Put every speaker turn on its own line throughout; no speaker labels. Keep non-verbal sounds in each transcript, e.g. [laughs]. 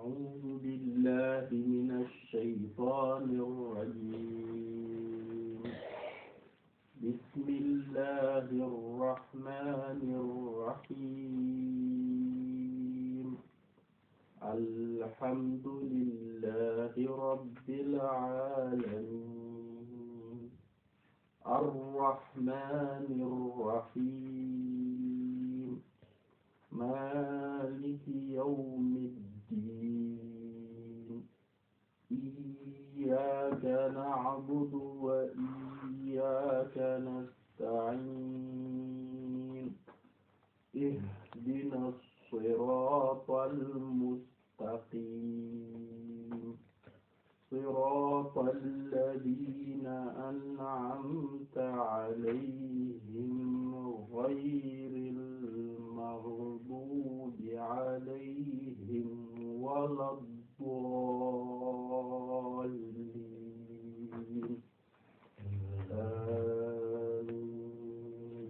أعوذ بالله من الشيطان الرجيم بسم الله الرحمن الرحيم الحمد لله رب العالمين الرحمن الرحيم مالك يوم الدين الدين إياك نعبد وإياك نستعين اهدنا الصراط المستقيم صراط الذين أنعمت عليهم غير المغضوب عليهم ولا الضالين آمين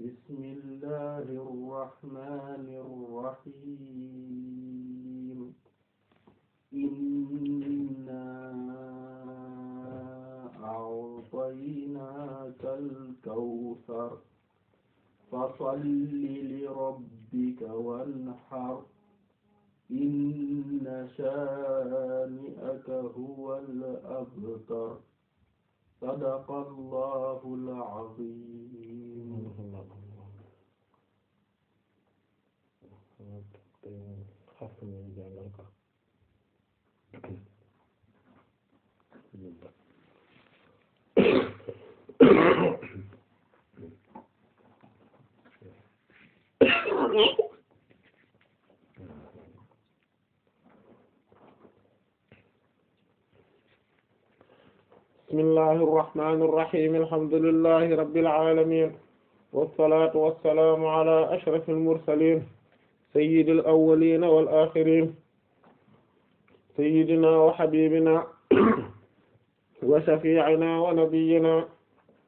بسم الله الرحمن الرحيم إنا أعطيناك الكوثر فصل لربك وانحر inna shaani'aka huwal abtar sadaqallaahul aziim bismillahi irrahmani
irrahim alhamdulillahi rabbil alamin wassalatu wassalamu ala ashraf almursalin sayyid al awwalina wal akhirin sayyidina wa habibina [clears throat] wa shafi'ina wa nabiyyina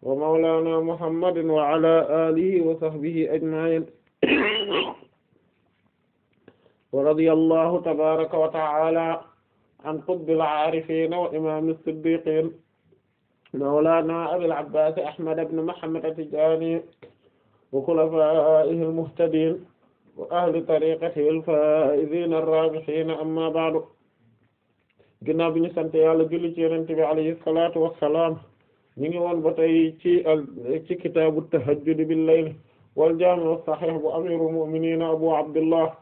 wa mawlana muhammadin wa ala alihi wa sahbihi ajma'in [clears throat] wa radiyallahu tabaraka wa ta'ala an qutbil aarifina wa imam as-siddiqin mawlana Abil Abbaas Ahmad ibn Muhammad at-Tijaani wa khulafaa'ihi al-muhtadiin wa ahli tariiqatihi al-faa'iziina ar-raabihiina amma ba'du ginnaaw bi ñu sant yàlla julli ci Yonent bi alayhi salaatu wa salaam ñu ngi woon ba tey ci ci kitaabu tahajjud bil-layl wal jaami' as-sahiih bu amiiril mu'miniin Abu Abdillah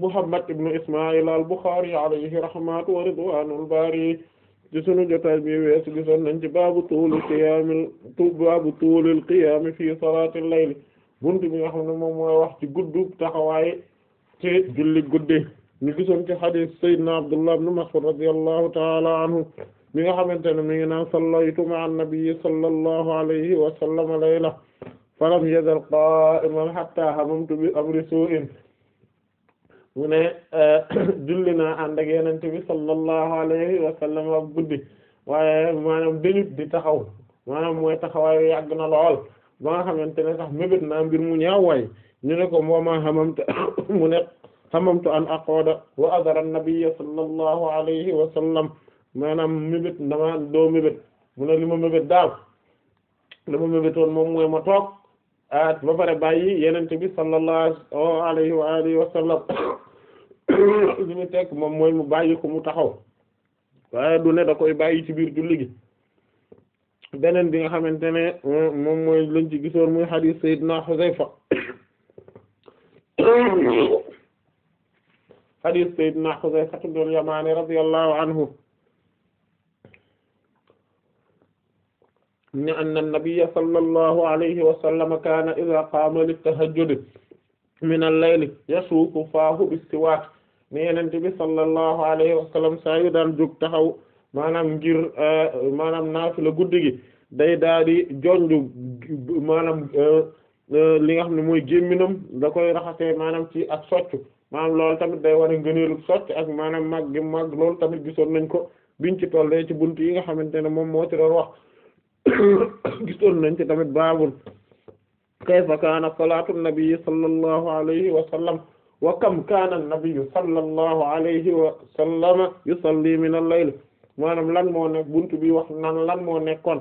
Muhammad ibn Ismaa'iil al-Bukhaari alayhi rahmatu wa ridwaanul baari ci sunu jotaay bi weesu gisoon nañ ci baabu tuulil qiyaamil baabu tuulil qiyaami fii salaatil layli bunt bi nga xam ne moom mooy wax ci guddub taxawaay ci julli guddi ñu gisoon ci xadiis sayyidina Abdullah ibn Mas'ud radiyallahu ta'ala anhu mi nga xamante ne mi ngi naan sallaytu ma'an nabiyyi sallallahu alayhi wa sallam layla falam yazal qaa'iman hatta hamamtu bi amri suu'in mu ne eh, [clears throat] julli naa ànd ak yenente bi sallallahu alayhi wa guddi waaye maanaam dañut di taxaw maanaam mooy taxawaay yàgg na lool ba nga xamante ne sax mébét naa mbir mu ñaaw waay ñu ne ko moomaa xamamte [coughs] mu ne xamamtu an aqooda wa adara nabiyya sallallahu alayhi wa sallam mébét dama doo mébét mu ne li mébét daal li mébétoon moom mooy ma toog ba pare bàyyi yenente bi sallallahu alayhi wa alihi wa sallam [coughs] li mu teg moom mooy mu bàyyi ko mu taxaw waaye du ne da koy bàyyi ci biir julli gi beneen bi nga xamante ne moom mooy lañ ci gisoon muy hadith Seydina Huzayfa hadith [coughs] Seydina Huzayfa ibn al-Yamani radiyallahu anhu ne anna nabiyya sallallahu alayhi wa sallam kaana idha qaama lit-tahajjud min al-layli yasuuku faahu bis-siwaak ne Yonent bi sallallahu alayhi wa sallam saa yu daan jóg taxaw maanaam ngir eh, maanaam naafila guddi gi day daal di jonju maanaam eh, eh, li nga xam ne mooy gémminam da koy raxasee maanaam ci ak socc maanaam loolu tamit day war a ngëneelu ak maanaam màgg gi màgg loolu tamit gisoon nañ ko biñ ci tollee ci buntu yi nga xamante ne moom moo ci doon wax [coughs] gisoon nañ tamit baabul kayfa kaana salaatu nabi sallallahu alayhi wa sallam wa kam kaana an-nabi alayhi wa sallama yusalli min al-layl lan moo nekk buntu bi wax nan lan moo nekkoon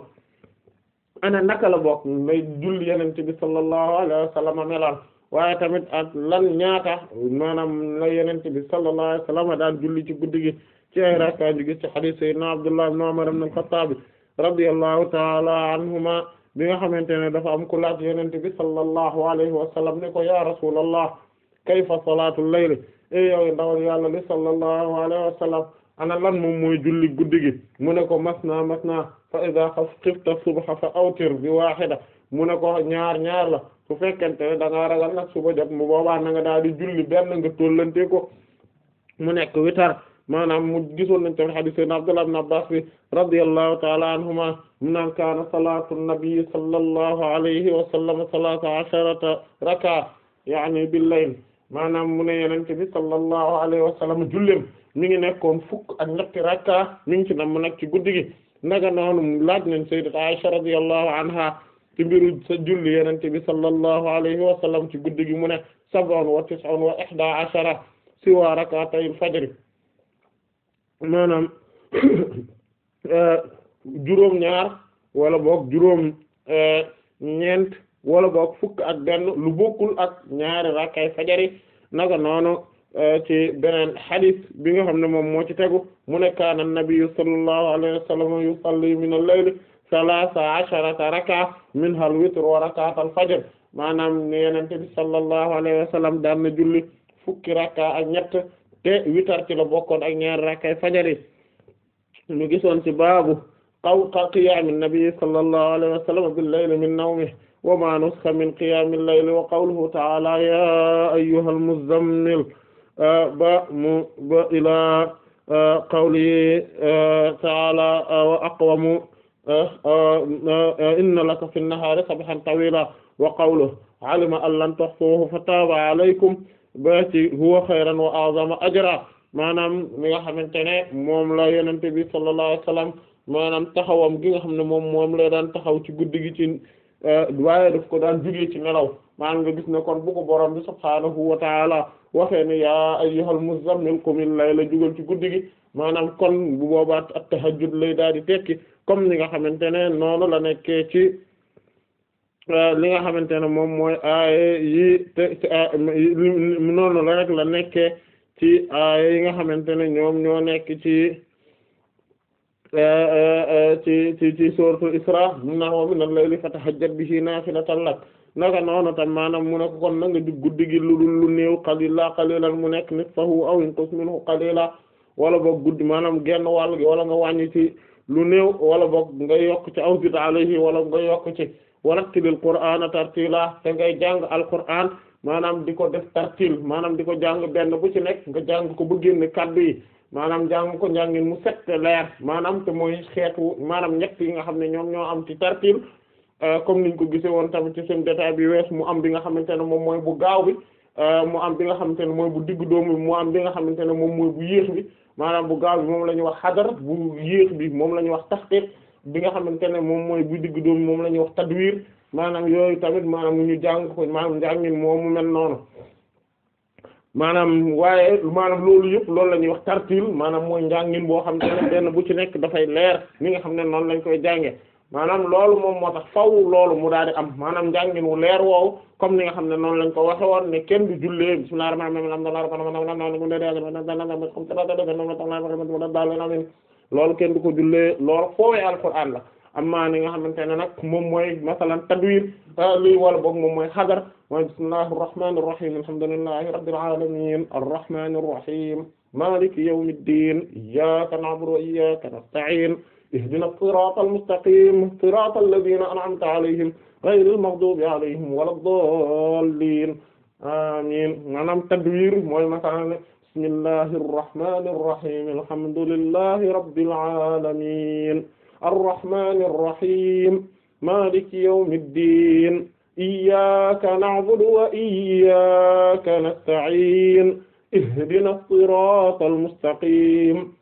ana naka la bokk may julli yenente bi sallallahu alayhi wa sallama melaan tamit ak lan ñaata maanaam la yenente bi sallallahu alayhi wa sallama julli ci guddi gi ci ay rakka ci hadith sayyidina Abdullah ibn Umar ibn al-Khattab radiyallahu taala anhuma bi nga xamante ne dafa am ku laaj yonent bi sallallahu alayhi wa sallam ne ko ya rasulallah kayfa salaatul layl e eh, yow ndawal yàlla li sallallahu alayhi wa sallam ana lan moom mooy julli guddi gi mu ne ko masna masna fa idha xifta subha fa awtir bi wahida mu ne ko ñaar ñaar la su fekkente ne da nga ragal nag suba jot mu boobaa na nga daal di julli benn nga tollante ko mu nekk witar maanaam mu gisoon nañ tamit hadith sayyidina Abdullah ibn Abbas bi radiyallahu ta'ala anhuma mu naan kaana salaatu nabi sallallahu alayhi wa sallam salaatu asharata raka yaani bil layl maanaam mu ne yenente bi sallallahu alayhi wa sallam jullem mi ngi nekkoon fukk ak ñetti rakka mi ngi ci nam mu nag ci guddi gi naga noonu laaj nañ sayyidata Aisha radiyallahu anha ci mbiru sa julli yenente bi sallallahu alayhi wa sallam ci guddi gi mu ne sab'un wa tis'un wa ihda ashara siwa rak'atayil fajr maanaam [coughs] euh, juróom ñaar wala boog juróom euh, ñeent wala boog fukk ak benn lu bokkul ak ñaari rakkay fajari naka noonu euh, ci beneen hadith bi nga xam ne moom moo ci tegu mu ne kaana nabiyyu sallallahu alayhi wa sallam yusalli min al-layli salaasa asharata raka minha al-witr wa rak'at maanaam ne yonent bi sallallahu daan na julli fukki rakka ak ñett te witar ci la bokkoon ak ñaar rakkay fajari ñu gisoon ci baabu qaw qiyaami nabi sallallahu alayhi wa sallam bil layli min nawmihi wa ma nusxa min qiyaamil layli wa qawluhu ta'ala ya ayyuhal muzzammil ba mu ba ila qawlihi ta'ala wa aqwamu inna laka fi nnahaari sabihan tawila wa qawluhu alima an lan tuhsuuhu fa taaba alaykum ba ci huwa xayran wa a'zama ajra maanaam mi nga xamante ne moom la yonent bi sallallahu alayhi wasallam maanaam taxawam gi nga xam ne moom moom la daan taxaw ci guddi gi ci eh, waaye daf ko daan jógee ci nelaw maanaam nga gis ne kon bu ko borom bi subhaanahu wa taala waxee ne yaa ayyuhal muzzammil qumil layla jugal ci guddi gi maanaam kon bu boobaat at lay daal di tekki comme ni nga xamante ne noonu la nekkee ci Euh, li nga xamante ne moom mooy aaye yi te noonu la rek la nekke ci aaye yi nga xamante ne ñoom ñoo nekk ci euh, euh, ci ci ci sooratu Isra mun naa woo bi nan lay li fatahajjat bihi naafilatan lak naka noonu tam maanaam mu ne ko kon na nga di guddi gi lu dul lu néew qalila qalilan mu nekk nisfahu aw inqus minhu qalila wala boog guddi maanaam genn wàll gi wala nga wàññi ci lu néew wala boog nga yokk ci aw zid alayhi wala nga yokk ci wala warattilil qur'ana tartila te ngay jàng alqur'an maanaam di ko def tartil maanaam di ko jàng benn bu ci nekk nga jàng ko bu ne kaddu yi maanaam jàng ko njàngin mu set leer maanaam te mooy xeetu maanaam ñett yi nga xam ne ñoom ñoo am ci tartil euh, comme niñ ko gisee woon tamit ci seen détail bi wees mu am bi nga xamante ne moom mooy bu gaaw bi euh, mu am bi nga xamante ne mooy bu diggu doomu bi mu am bi nga xamante ne moom mooy bu yéex bi maanaam bu gaaw bi moom la ñuy wax xadar bu yéex bi moom la ñuy wax taxqiq bi nga xamante ne moom mooy bu digg doom moom la ñuy wax tadwir maanaam yooyu tamit maanaam ñu jàng ko maanaam njàngin moomu mel noonu maanaam waaye maanaam loolu yëpp loolu la ñuy wax tartil maanaam mooy njàngin boo xam ne benn bu ci nekk dafay leer ni nga xam ne noonu lañ koy jànge maanaam loolu moom moo tax faw loolu mu daal di am maanaam njàngin wu leer woowu comme ni nga xam ne noonu lañ ko waxe woon ne kenn du jullee bismillahir rahmanir rahim alhamdulillahi rabbil alamin loolu kenn du ko jullee loolu foowee alquran la amma ni nga xamante ne nag moom mooy masalan tadwir ah, luy wala boog moom mooy xadar mooy bismillahi arrahmani irrahim alhamdulillahi rabbil alamin arrahmani irrahim maliki yawmiddin iyyaka na'budu wa iyyaka nasta'in ihdina sirata almustaqim sirata alladhina an'amta alayhim ghayril maghdubi alayhim waladdallin amin maanaam tadwir mooy masalan bismillahir rahmanir rahim alhamdulillahi rabbil alamin arrahmanir rahim maliki yawmiddin iyyaka na'budu wa iyyaka nasta'in ihdinas siratal mustaqim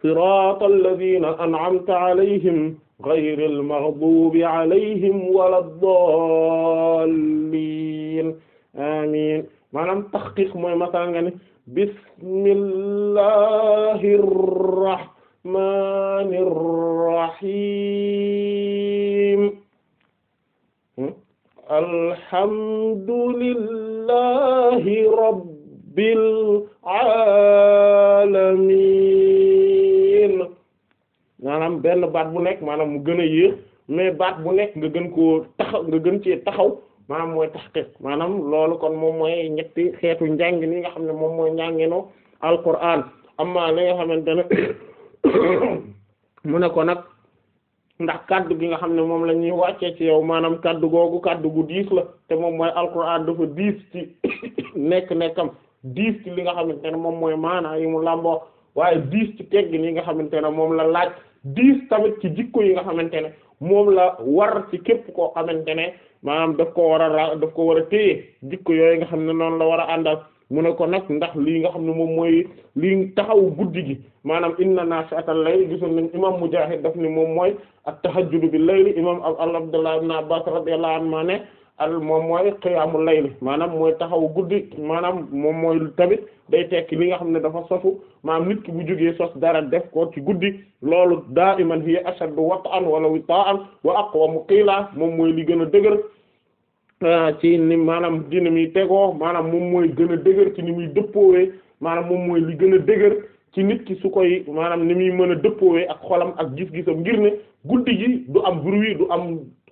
siratal ladhina an'amta alayhim ghayril maghdubi alayhim waladdallin amin maanaam taxqiq mooy masaa nga ne bismillahir rahmanir rahim hmm? alhamdulillahi rabbil alamin maanaam benn baat bu nekk maanaam mu gën a yéex mais baat bu nekk nga gën ko taxaw nga gën ci taxaw maanaam mooy tahqiq maanaam loolu kon moom mooy ñetti xeetu njàng ni nga xam ne moom mooy njànginu alquran amma li nga xamante ne [coughs] mu ne nag ndax kaddu gi nga xam ne moom la ñuy wàccee ci yow maanaam kaddu googu kaddu gu la te moom mooy alquran dafa diis ci [coughs] nekk-nekkam diis ci li nga xam ne moom mooy maanaa yi mu làmboo waaye diis ci teggin yi nga xamante ne moom la laaj diis tamit ci jikko yi nga xamante ne moom la war ci képp koo xamante ne maanaam daf ko war a daf ko war a téye jikko yooyu nga xam ne noonu la war a àndal mu ne ko nag ndax lii nga xam ne moom mooy lii taxawu guddi gi maanaam inna naashi'atal layli gisoon nañ imam Mujaahid daf ni moom mooy at-tahajjudu bil layli imam Abdullah ibn Abbas radiyallahu anhu ne al moom mooy qiyaamul layl maanaam mooy taxaw guddi maanaam moom mooy tamit day tekki li nga xam ne dafa sosu maanaam nit ki bu jógee sos dara def ko ci guddi loolu daa'iman hiya ashaddu wat'an wala witaa'an wa aqwamu qiila moom mooy li gën a dëgër ah, ci ni maanaam dina muy tegoo maanaam moom mooy gën a dëgër ci ni muy dëppoowee maanaam moom mooy li gën a dëgër ci nit ki su koy maanaam ni muy mën a dëppoowee ak xolam ak gis-gisam ngir ne guddi gi du am bruit du am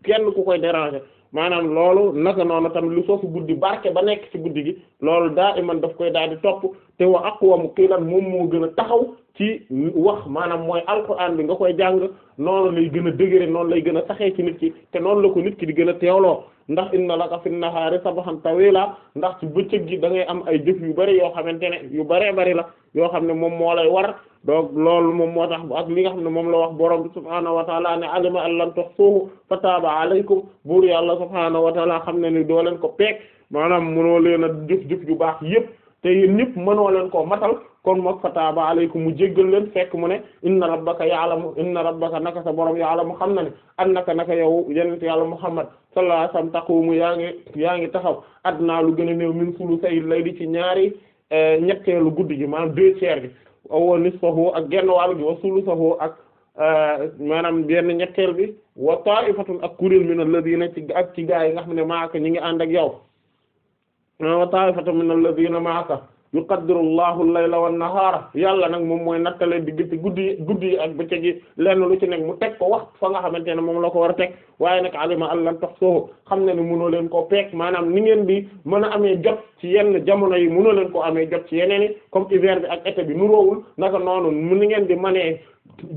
kenn ku koy déranger maanaam loolu naka noonu tamit lu soofu guddi barke ba nekk ci guddi gi loolu daa iman daf koy daal di topp te wa aqwamu qiilan moom moo gën a taxaw ci wax maanaam mooy alquran bi nga koy jàng noonu lay gën a dëgëre noonu lay gën a saxee ci nit ki te noonu la ko nit ki di gën a teewloo ndax inna laka fin nahaari sabahan tawila ndax ci bëccëg gi da ngay am ay jëf yu bari yoo xamante ne yu baree bari la yoo xam ne moom moo lay war donc loolu moom moo tax ak li nga xam ne moom la wax borom bi subhaanahu wa taala ne alima an lam tuhsuhu fataaba alaykum buur yàlla subhaanahu wa taala xam ne ni doo ko peeg maanaam mënoo leen a jëf-jëf yu baax yépp te yéen ñëpp mënoo leen koo matal kon mook fataaba alaykum mu jéggal leen fekk mu ne inna rabbaka ya'lamu inna rabbaka naka sa boroom borom mu xam na ne annaka naka yow yenent yàlla muhammad sallallahu alayhi wasallam taqumu yaa ngi yaa ngi taxaw adnaa lu gën a néew min sulusay layli ci ñaari eh, ñetteelu guddi gi maanaam deux tiers bi aw nisfahu ak genn wàll ak eh, maanaam benn ñetteel wa ta'ifatun ak kuréel min alladhina ci ak ci gaa yi nga xam ne maaka ñi ngi ànd ak yow wa ta'ifatun min alladhina maaka yuqaddiru Allahu al-layla wan-nahaara yàlla nag moom mooy nattale diggante guddi guddi ak bëccëg yi lenn lu ci nekk mu teg ko wax fa nga xamante ne moom la ko war a teg waaye nag alima an lan tahsuuhu xam na ne mënoo leen koo peek maanaam ni ngeen bi mën a amee jot ci yenn jamono yi mënoo leen ko amee jot ci yeneen yi comme hiver bi ak été bi nuroowul naka noonu ni ngeen di manee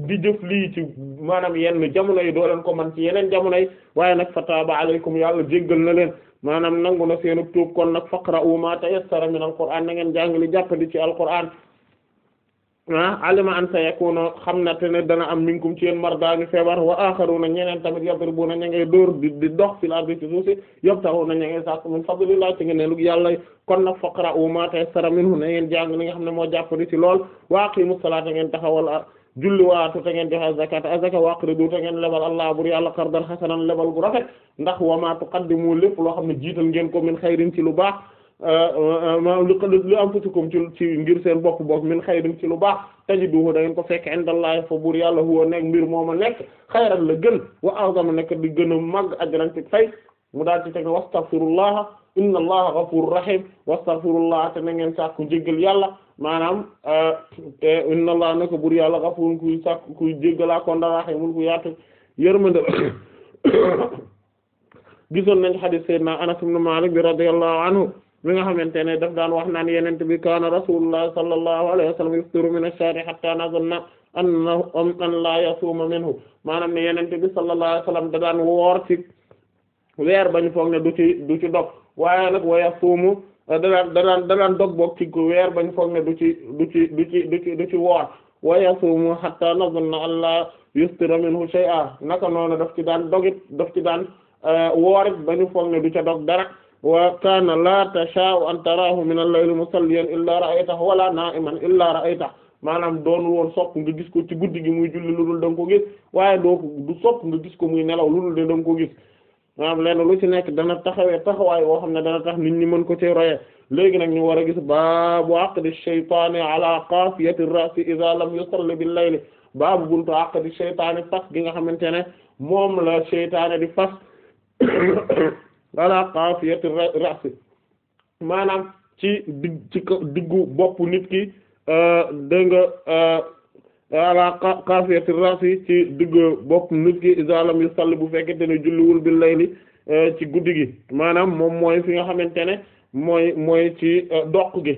di jëf lii ci maanaam yenn jamono yi doo leen ko man ci yeneen jamono yi waaye nag fa taaba alaykum yàlla jéggal na leen maanaam nangu na seenu tuub kon nag faqra'u ma tayassara min alquran na ngeen jàng li jàppandi ci alquran ah alima an sayakuna xam na te ne dana am minkum ci yéen marda ñu feebar wa na ñeneen tamit yadribuna ña na dóor di di dox fil ardi ci suuf na yabtaghuna ña ngay sàkk min fadlillah ci ngeen lu yàlla kon nag faqra'u ma tayassara minhu na ngeen jàng li nga xam ne moo jàppandi ci lool wa aqimus salata ngeen taxawal julliwaatu te ngeen joxe azakata azaka waqridu te ngeen lebal allah bur yàlla qardan hasanan lebal bu rafet ndax wa ma tuqaddimu lépp loo xam ne jiital ngeen ko min xayrin ci lu baax euh, euh, li anfusikum ci ci ngir seen bopp bopp min xayrin ci lu baax tajiduhu da ngeen ko fekk indallahi fa buur yàlla huwa nekk mbir mooma nekk xayran la gën wa a'zama nekk di gën a màgg ajran ci fay mu daal ci teg ne wastaghfirullaha inna allaha ghafurur rahim wastaghfirullah te na ngeen sàkku jéggal yàlla maanaam euh, inna allah naka bur yàlla xafurun kuy sàkk kuy jéggalaa kon daraxe mun ku yaatu yërmande [coughs] gisoon nañ xadis sayyidina anas ibn malik bi radiyallahu anhu mi nga xamante ne daf daan wax naan yenente bi kaana rasulullah sallallahu alayhi wa sallam yuftiru min ash-shari hatta nazanna annahu an la yasuma minhu maanaam ne yenente bi sallallahu alayhi wa sallam woor ci weer bañu foog ne du ci waaye nag wa yasumu danaan danaan danaan dog boog ci weer bañ foog ne du ci du ci du ci du ci du ci woor wa yasuumu hatta nazunna an laa yustira naka noonu daf ci daan dogit daf ci daan eh, woorit bañu foog ne du ca dog dara wa kaana laa tashaa'u an taraahu min al-layli musalliyan illaa ra'aytahu wa laa naa'iman illaa maanaam doonul woon sopp nga gis ko ci guddi gi muy julli lu dul danga ko gis waaye doo du sopp nga gis ko muy nelaw lu dul de danga ko gis maanaam lenn lu ci nekk dana taxawe taxawaay woo xam ne dana tax nit ñi mën ko ci roye léegi nag ñu war a gis baabu aqdi shaytaani ala qafiyati ra'si idha lam yusalli bil layli baabu buntu aqdi shaytaani fas gi nga xamante ne moom la shaytaani di fas [coughs] ala qafiyati ra'si maanaam ci ci diggu bopp nit ki euh, dégg nga euh, ala kafiyati rasi ci digg bopp nit ki iza lam yusalli bu fekkente ne julliwul bil layli eh, ci guddi gi maanaam moom mooy fi nga xamante ne mooy mooy ci eh, doq gi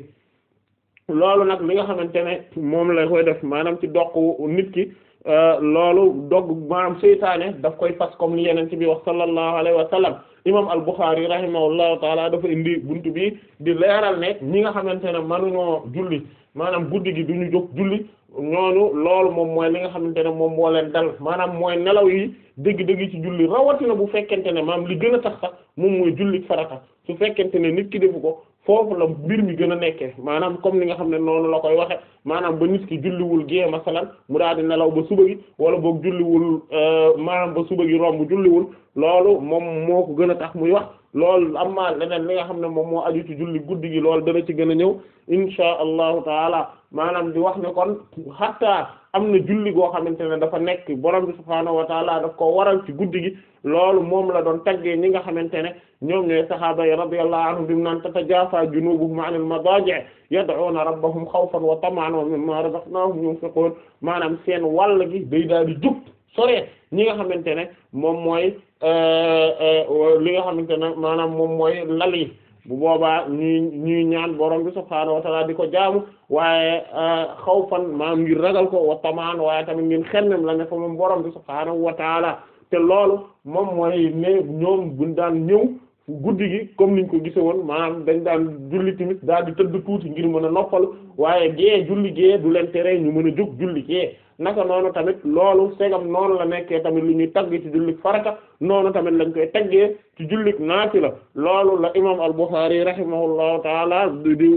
loolu nag li nga xamante ne moom la koy def maanaam ci doq nit ki eh, loolu dog maanaam seytaane daf koy fas comme li yeneen ci bi wax sallallahu alayhi wa sallam imam al-Bukhari rahimahullahu taala dafa indi buntu bi di leeral ne ñi nga xamante ne manuñoo julli maanaam guddi gi du ñu jóg julli ñooñu loolu moom mooy li nga xamante ne moom moo leen dal maanaam mooy nelaw yi dëgg-dëgg ci julli rawatina bu fekkente ne maam li gën a tax sax moom mooy julli farata su fekkente ne nit ki defu ko foofu la mbir mi gën a nekkee maanaam comme li nga xam ne noonu la koy waxe maanaam ba nit ki julliwul gée masalan mu daal di nelaw ba suba gi wala boog julliwul euh, maanaam ba suba gi romb julliwul loolu moom moo ko gën a tax muy wax loolu am na leneen li nga xam ne moom moo aju ci julli guddi gi loolu dana ci gën a ñëw insha allahu taala maanaam di wax ne kon xataa am na julli goo xamante ne dafa nekk borom bi subhaanahu wa taala daf ko waral ci guddi gi loolu moom la doon taggee ñi nga xamante ne ñoom ñooy sahaaba yi radiyallahu anhum bi mu naan tatajaafaa junuubuhum anil madaaji' yad'uuna rabbahum xawfan wa tama'an wa mimmaa razaqnaahum yunfiquun maanaam seen wàll gi day di jug sore ñi nga xamante ne moom mooy Euh, euh, li nga xamante ne maanaam moom mooy lal yi bu boobaa ñuy ñuy ñaan borom bi subhaanahu wa ta'ala di ko jaamu waaye euh, xawfan maanaam ngir ragal ko wa tamaan waaye tamit ngeen xennem la ne fa moom borom bi subhaanahu wa ta'ala te loolu moom mooy ne ñoom buñ daan ñëw guddi gi comme niñ ko gise woon maanaam dañ daan julli tamit daal di tëdd tuuti ngir mën a noppal waaye gée julli gée du leen tere ñu mën a jóg julli gée naka noonu tamit loolu segam noonu la nekkee tamit lu ñuy tagg ci jullit farata noonu tamit lañ koy taggee ci jullit la loolu la imam al-Bukhari rahimahullahu taala di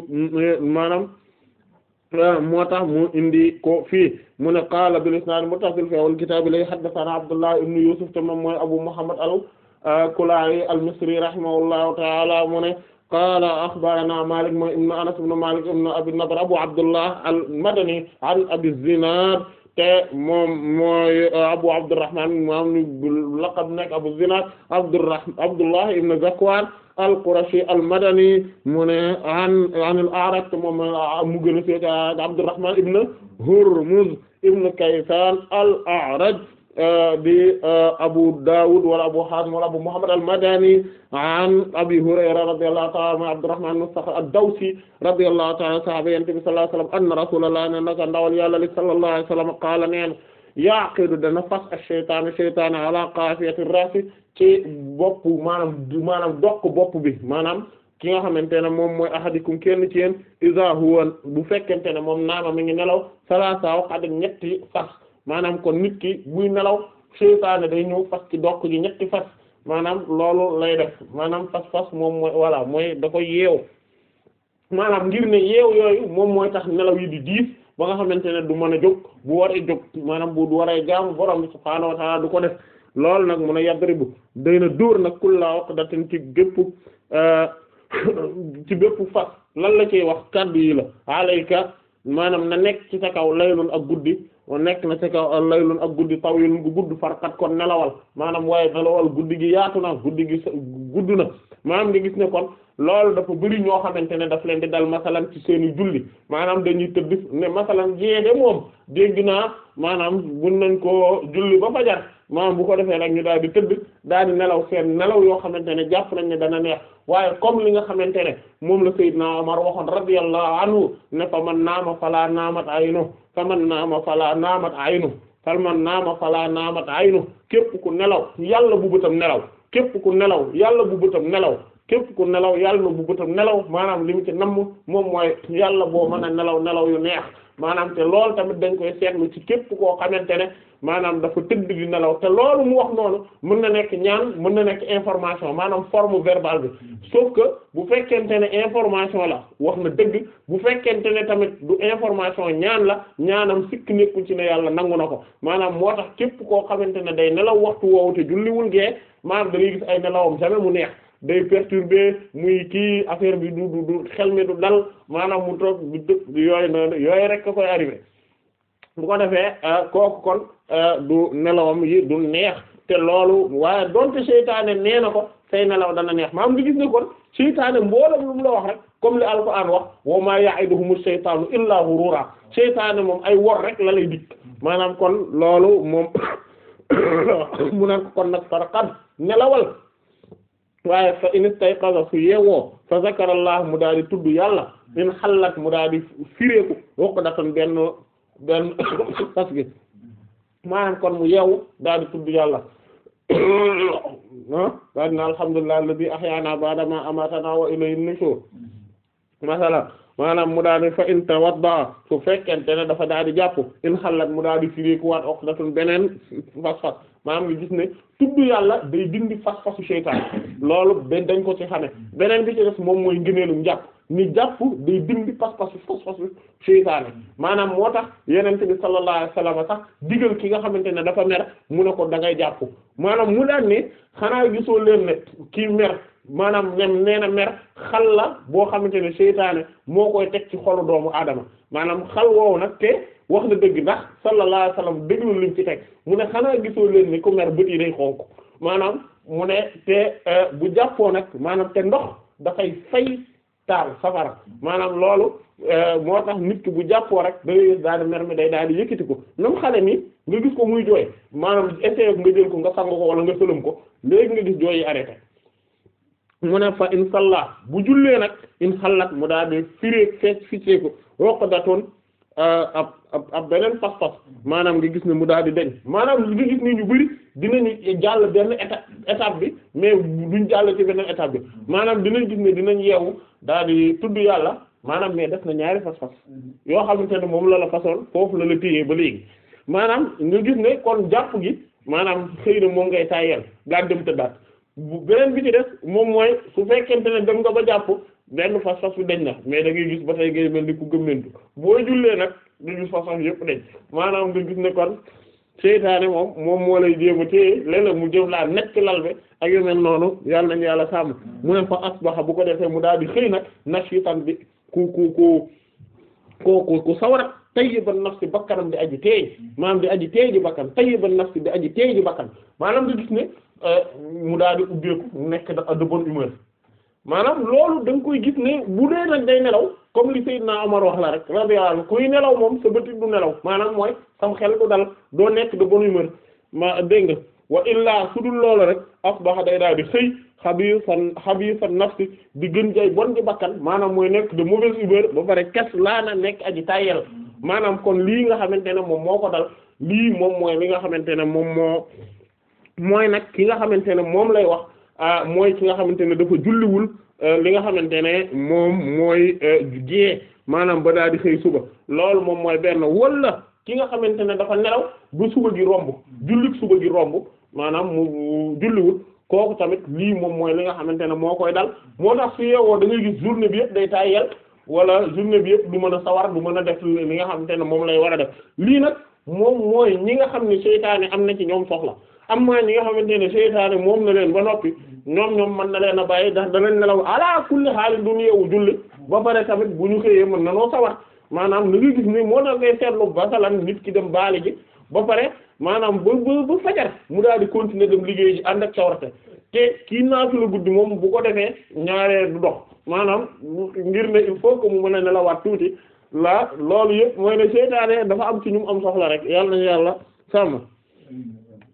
maanaam euh, moo tax mu indi ko fii mu ne qaala bil isnaad muttasil fi awal kitaab lay haddathana Abdullah ibn Yusuf te moom mooy Abu Muhammad al-Kulaa'i al-Misri rahimahullahu taala mu qaala axbaranaa Maalik mooy ibnu Anas ibnu Maalik ibnu Abi Nadr Abu Abdullah al-Madani an Abi Zinaad te moom mooy euh, Abu Abdurrahmaan maam ñu laqab nekk Abu Zinaad Abdurrahmaan Abdullah ibnu Zakwaan al-Qurashi al-Madani mu ne an an al-A'raj moom euh, mu gën a seet euh, Abdurrahmaan ibnu Hurmuz ibnu Kaysaan al-A'raj bi Abu Dawud wala Abu Hatim wala Abu Muhammad al-Madani an Abi Hurayra radiyallahu ta'ala ma Abdurrahman ibn Sakhr ad-Dawsi radiyallahu ta'ala sahaba yante bi sallallahu alayhi wasallam anna rasulullah ne naka ndawal Yàlla li sallallahu alayhi wasallam qaala neen yaqidu dana fas ash-shaytaan shaytaan ala qafiyati ar-ra's ci bopp maanaam maanaam dokk bopp bi maanaam ki nga xamante ne moom mooy ahadikum kenn ci yéen iza huwa bu fekkente ne moom naama mi ngi nelaw salaasa waqad ñetti fas maanaam kon nit ki buy nelaw seytaane day ñëw fas ci dokk gi ñetti fas maanaam loolu lay def maanaam fas fas moom mooy mooy da koy yeew maanaam ngir ne yeew yooyu moom mooy tax nelaw yi di diis ba nga xamante ne du mën a jóg bu waree jóg maanaam bu waree jaamu borom subhaanahu wa ta'aala du ko def loolu nag mun a yadribu day na dóor nag kulla waqdatin ci gépp euh, [coughs] ci bépp fas lan la ciy wax kàddu yi la alayka maanaam na nekk ci sa kaw laylun ak guddi nekk na ci kaw laylun ak guddi tawilun gu gudd farkat kon nelawal maanaam waaye nelawal guddi gi yaatu na guddi gi gudd na maanaam nga gis ne kon loolu dafa bëri ñoo xamante ne daf leen di dal masalan ci seeni julli maanaam dañuy tëdd ne masalan jéede moom dégg naa maanaam buñ nañ ko julli ba fajar maanaam bu ko defee nag ñu daal di tëdd daal di nelaw seen nelaw yoo xamante ne jàpp nañ ne dana neex waaye comme li nga xamante ne moom la Seydina Omar waxoon radiyallahu anhu ne fa man naama falaa naamat aynu fa man naama falaa naamat aynu fa man naama falaa aynu képp ku nelaw yàlla bu bëtam nelaw képp ku nelaw yàlla bu bëtam nelaw képp ku nelaw yàlla bu bëtam nelaw maanaam li mu ci namm moom mooy yàlla boo mën a nelaw nelaw yu neex maanaam te loolu tamit dañ koy seetlu ci képp koo xamante ne maanaam dafa tëdd di nelaw te loolu mu wax noonu mun na nekk ñaan mën na nekk information maanaam forme verbale bi sauf que bu fekkente ne information la wax na dëgg bu fekkente ne tamit du information ñaan la ñaanam sikk nekku ci ne yàlla nangu na ko maanaam moo tax képp koo xamante ne day nelaw waxtu woowu te julliwul gee maanaam da ngay gis ay nelawam jamais mu neex day perturbé muy kii affaire bi du du du xel mi du dal maanaam mu toog du yooy yooyu noonu yooyu rek koy arrivé bu ko defee euh, kooku kon euh, du nelawam yi du neex te loolu waaye donte seytaane nee na ko say nelaw dana neex maam lu gis ne kon seytaane mboolem lu mu la wax rek comme li alquran wax wa ma ya'iduhumu seytaanu illa ghurura seytaane moom ay wor rek la dikk maanaam kon loolu moom [coughs] mu naan kon nag faraqad nelawal waaye fa in istayqaza su yeewoo fa zakarallah mu daal di tudd yàlla in xallat mu daal di fireeku uqdatan benn benn fas [coughs] gi kon mu yeewu daal tudd yàlla ah daal di na alhamdulillahi alladhi ahyana ba'da ma amatana wa ilayhin nushur maanaam mu daal fa fa in tawadda su fekkente ne dafa daal di jàpp in xalaat mu daal di firiku waat uqdatun beneen fas-fas maanaam nga gis ne tudd yàlla day dindi fas-fasu seytaan loolu benn dañ ko ci xame beneen bi ci des moom mooy ngëneelu jàpp ni jàpp day dindi pas-pasu fas-fasu seytaane maanaam moo tax yenente bi sallallahu alayhi wasallam sax digal ki nga xamante ne dafa mer mu ne ko da ngay jàpp maanaam mu daan ne xanaa gisoo leen ne kii mer maanaam ñam nee mer xal la boo xamante ne seytaane moo koy teg ci xolu doomu aadama maanaam xal woowu nag te wax na dëgg ndax sallallahu alayhi wasallam déglu liñ ci teg mu ne xanaa gisoo leen ni ku mer bët yi day xonk maanaam mu ne te euh, bu jàppoo nag maanaam te ndox dafay fay taal safara maanaam loolu euh, moo tax nit ki bu jàppoo rek day daal di mer mi day daal di yëkkati ko nam xale mi nga gis ko muy jooy maanaam essayé nga jël ko nga sang ko wala nga sëlëm ko léegi nga gis arrêté mu ne fa in salla bu jullee nag in xallat mu daal di fii fee ficceeku roqdatoon euh, ab ab ab beneen pas-pas maanaam nga gis ne mu daal di deñ maanaam li nga gis ni ñu bëri dinañu jàll benn étape étape bi mais duñ jàll ci beneen étape bi maanaam dinañ gis ne dinañ yeewu daal di tudd yàlla maanaam mais def na ñaari fas-fas yoo xamante ne moom la la façon foofu la la téyee ba léegi maanaam nga gis ne kon jàpp gi maanaam xëy na moom ngay tàyyeel gaa dem tëddaat bu beneen bi ci des moom mooy su fekkente ne dem nga ba jàpp benn fas fas bi na mais da ngay gis ba tey ngay mel ni ku gëmmentu boo jullee nag du gis fas fas yëpp dañ maanaam nga gis ne kon seytaane moom moom moo lay jéem a téye léeg-léeg mu jëf laa nekk lal bi ak yu mel noonu yàlla nañu yàlla sàmm mu ne fa asbaha bu ko defee mu daal di xëy nag nashitan bi ku ku ku ku ku tayyiban nafsi bakkanam di aji teey maanaam di aji teey ji bakkan tayyiban nafsi di aji teey ji bakkan maanaam di gis ne euh, mu daal di ubbeeku mu nekk de bonne humeur maanaam loolu da koy gis ne bu dee nag day nelaw comme li Seydina Omar wax la rek radiyallahu anhu kuy nelaw moom sa bëtit du nelaw maanaam mooy sam xel du dal doo nekk da bonne humeur ma dégg nga wa illaa su dul loolu rek asbaha day daal di xabiisan xabiisan nafsi di gën jay bon di bakkan maanaam mooy nekk de mauvaise humeur ba pare kes laana nekk aji tayel maanaam kon lii nga xamante ne moom moo ko dal lii moom mooy li nga xamante ne moom moo mooy nag ki nga xamante ne moom lay wax ah, mooy ki nga xamante ne dafa julliwul eh, li nga xamante ne moom mooy gée eh, maanaam ba daal di xëy suba loolu moom mooy benn walla ki nga xamante ne dafa nelaw ba suba gi romb jullit suba gi romb maanaam mu julliwul kooku tamit lii moom mooy li nga xamante ne moo koy dal moo tax su yeewoo da gis journée yëpp day tayel wala journée yëpp du mën a sawar du mën a def li nga xamante ne moom lay war a def lii nag moom ñi nga xam ne seytaane am na ci ñoom soxla am na ñi nga xamante ne seytaane moom na leen ba noppi ñoom ñoom mën na leen bàyyi ndax danañ nelaw ala kulli xaalis julli ba pare tamit bu ñu xëyee mën na noo sawar maanaam li nga gis ni moo tax ngay seetlu basalan nit ki dem baali ji ba pare maanaam ba ba ba fajar mu daal di continuer dem liggéey ji ànd ak cawarte te kii naafila guddi moom bu ko defee ñaaree du dox maanaam ngir ne il faut que mu mën a nelawaat tuuti laa loolu yëpp mooy ne seytaane dafa am ci ñu am soxla rek yàlla nañu yàlla sàmm